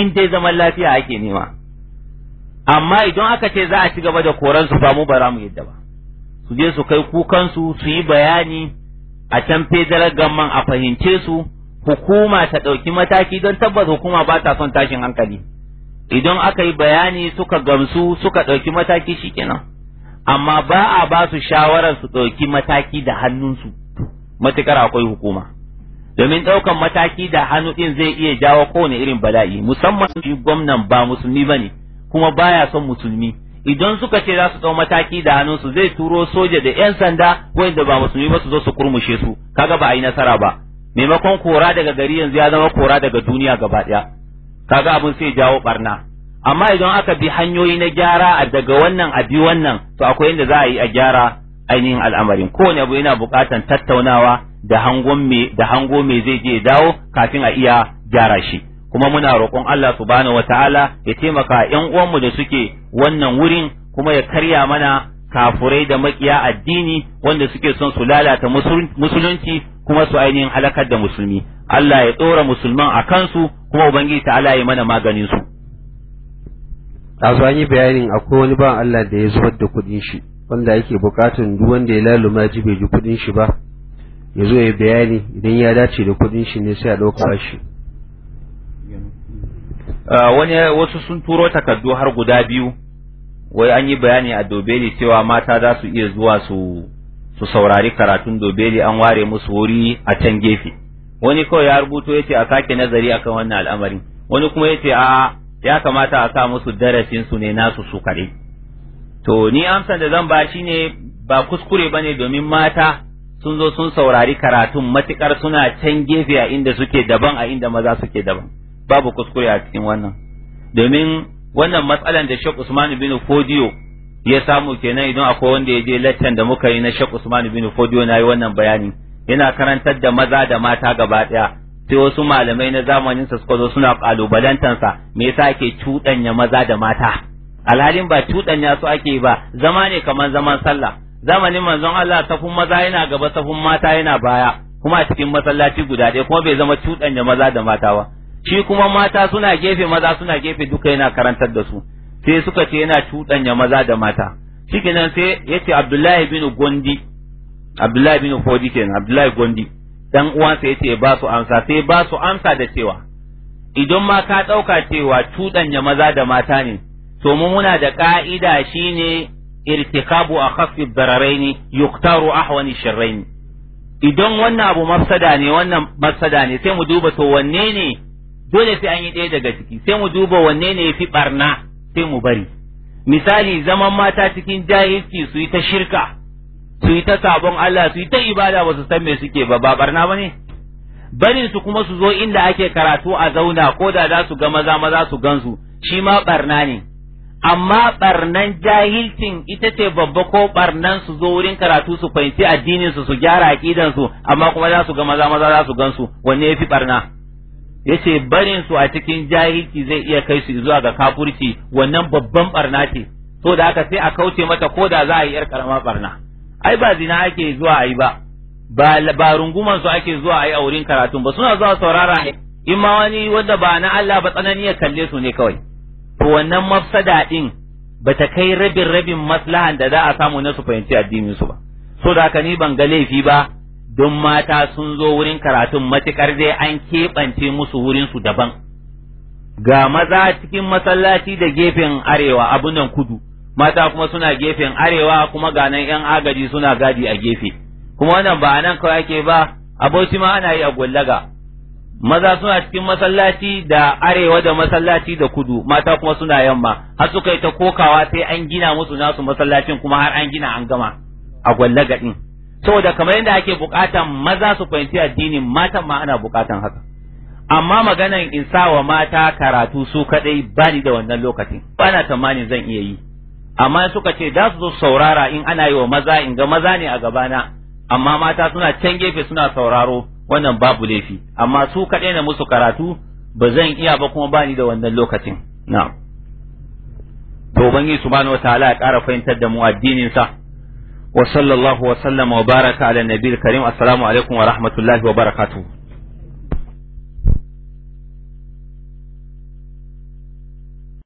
in dai zaman lafiya ake nema amma idan aka ce za a ci gaba da koran su ba mu ba za mu yadda ba su je su kai kukansu su yi bayani a can fedarar gamman a fahimce su hukuma ta ɗauki mataki don tabbas hukuma ba ta son tashin hankali idan aka yi bayani suka gamsu suka ɗauki mataki shikenan amma ba a ba su shawarar su ɗauki mataki da hannunsu matukar akwai hukuma domin ɗaukan mataki da hannu ɗin zai iya jawo kowane irin bala'i musamman shi gwamnan ba musulmi ba ne kuma baya son musulmi idan suka ce za su ɗau mataki da su zai turo soja da 'yan sanda wanda ba musulmi ba su zo su kurmushe su kaga ba a yi nasara ba maimakon kora daga gari yanzu ya zama kora daga duniya gaba ɗaya kaga abin sai jawo barna amma idan aka bi hanyoyi na gyara daga wannan a bi wannan to akwai yadda za a yi a gyara ainihin al'amarin kowane abu yana buƙatan tattaunawa da hango me zai je dawo kafin a iya gyara shi kuma muna roƙon Allah subhanahu wataala ya taimaka ƴan uwanmu da suke wannan wurin kuma ya karya mana kafurai da makiya addini wanda suke son su lalata musulunci kuma su ainihin halakar da musulmi Allah ya ɗora musulman a kansu kuma ubangiji ta'ala ya mana maganin su an yi bayanin akwai wani ban Allah da ya zubar da kuɗin shi wanda yake bukatun duk wanda ya laluma ji bai ji kuɗin shi ba ya zo ya bayani idan ya dace da kudin shi ne sai a ɗauka shi wani wasu sun turo takardu har guda biyu wai an yi bayani a dobeli cewa mata za su iya zuwa su su saurari karatun dobeli an ware musu wuri a can gefe wani kawai ya rubuto ya ce a sake nazari akan wannan al'amarin wani kuma ya ce a ya kamata a sa musu darasin su ne nasu su kaɗai to ni amsan da zan ba shine ba kuskure bane domin mata sun zo sun saurari karatun matukar suna can gefe a inda suke daban a inda maza suke daban babu kuskure a cikin wannan domin wannan matsalan da Sheikh Usman bin Fodiyo ya samu kenan idan akwai wanda ya je lattan da muka yi na Sheikh Usman bin Fodiyo na yi wannan bayani yana karantar da maza da mata gaba daya sai wasu malamai na zamanin sa suka zo suna kalubalantansa me yasa ake cuɗanya maza da mata alhalin ba cuɗanya su ake ba zama ne kamar zaman sallah zamanin manzon Allah safun maza yana gaba safun mata yana baya kuma a cikin masallaci guda ɗaya kuma bai zama cuɗanya maza da mata ba shi kuma mata suna gefe maza suna gefe duka yana karantar da su sai suka ce yana cuɗanya maza da mata nan sai yace Abdullahi bin Gondi Abdullahi bin Fodi kenan Abdullahi Gondi dan uwansa yace ba su amsa sai ba su amsa da cewa idan ma ka ɗauka cewa cuɗanya maza da mata ne to mu muna da ƙa'ida shine irtikabu akhaffi bararaini yuktaru ahwani sharraini idan wannan abu mafsada ne wannan mafsada ne sai mu duba to wanne ne dole sai an yi ɗaya daga ciki sai mu duba wanne ne yafi barna sai mu bari misali zaman mata cikin jahilci su yi ta shirka su yi ta sabon Allah su yi ta ibada ba su san me suke ba ba barna bane barin su kuma su zo inda ake karatu a zauna ko da za su ga maza maza su gansu shi ma barna ne amma barnan jahilcin ita ce babba ko barnan su zo wurin karatu su fahimci addinin su su gyara aqidan su amma kuma za su ga maza maza za su gansu wanne yafi barna yace barin su a cikin jahilci zai iya kai su zuwa ga kafurci wannan babban barna ce so da aka sai a kauce mata ko da za a yi yar karama barna ai ba zina ake zuwa ayi ba ba ba runguman su ake zuwa ayi a wurin karatun ba suna zuwa saurara ne in wani wanda ba na Allah ba tsanani ya kalle su ne kawai to wannan mafsada din bata kai rabin rabin maslahan da za a samu na su fahimci addinin su ba so da haka ni ban ga laifi ba don mata sun zo wurin karatun matukar dai an keɓance musu wurin su daban ga maza cikin masallaci da gefen arewa abun nan kudu mata kuma suna gefen arewa kuma ga nan yan agaji suna gadi a gefe kuma wannan ba nan kawai ake ba aboci ma ana yi a gwallaga maza suna cikin masallaci da arewa da masallaci da kudu mata kuma suna yamma har suka yi ta kokawa sai an gina musu nasu masallacin kuma har an gina an gama a gwalla gadin saboda kamar yadda ake bukatan maza su fahimci addinin matan ma ana bukatan haka amma maganan in sa wa mata karatu su kadai bani da wannan lokacin ba na tsammanin zan iya yi amma suka ce za su zo saurara in ana yi wa maza in ga maza ne a gabana amma mata suna can gefe suna sauraro wannan babu laifi amma su kaɗai na musu karatu ba zan iya ba kuma bani da wannan lokacin na to bangi subhanahu wataala ya ƙara fahimtar da mu addinin sa wa sallallahu wa sallama wa baraka ala nabiyil karim assalamu alaikum wa rahmatullahi wa barakatuh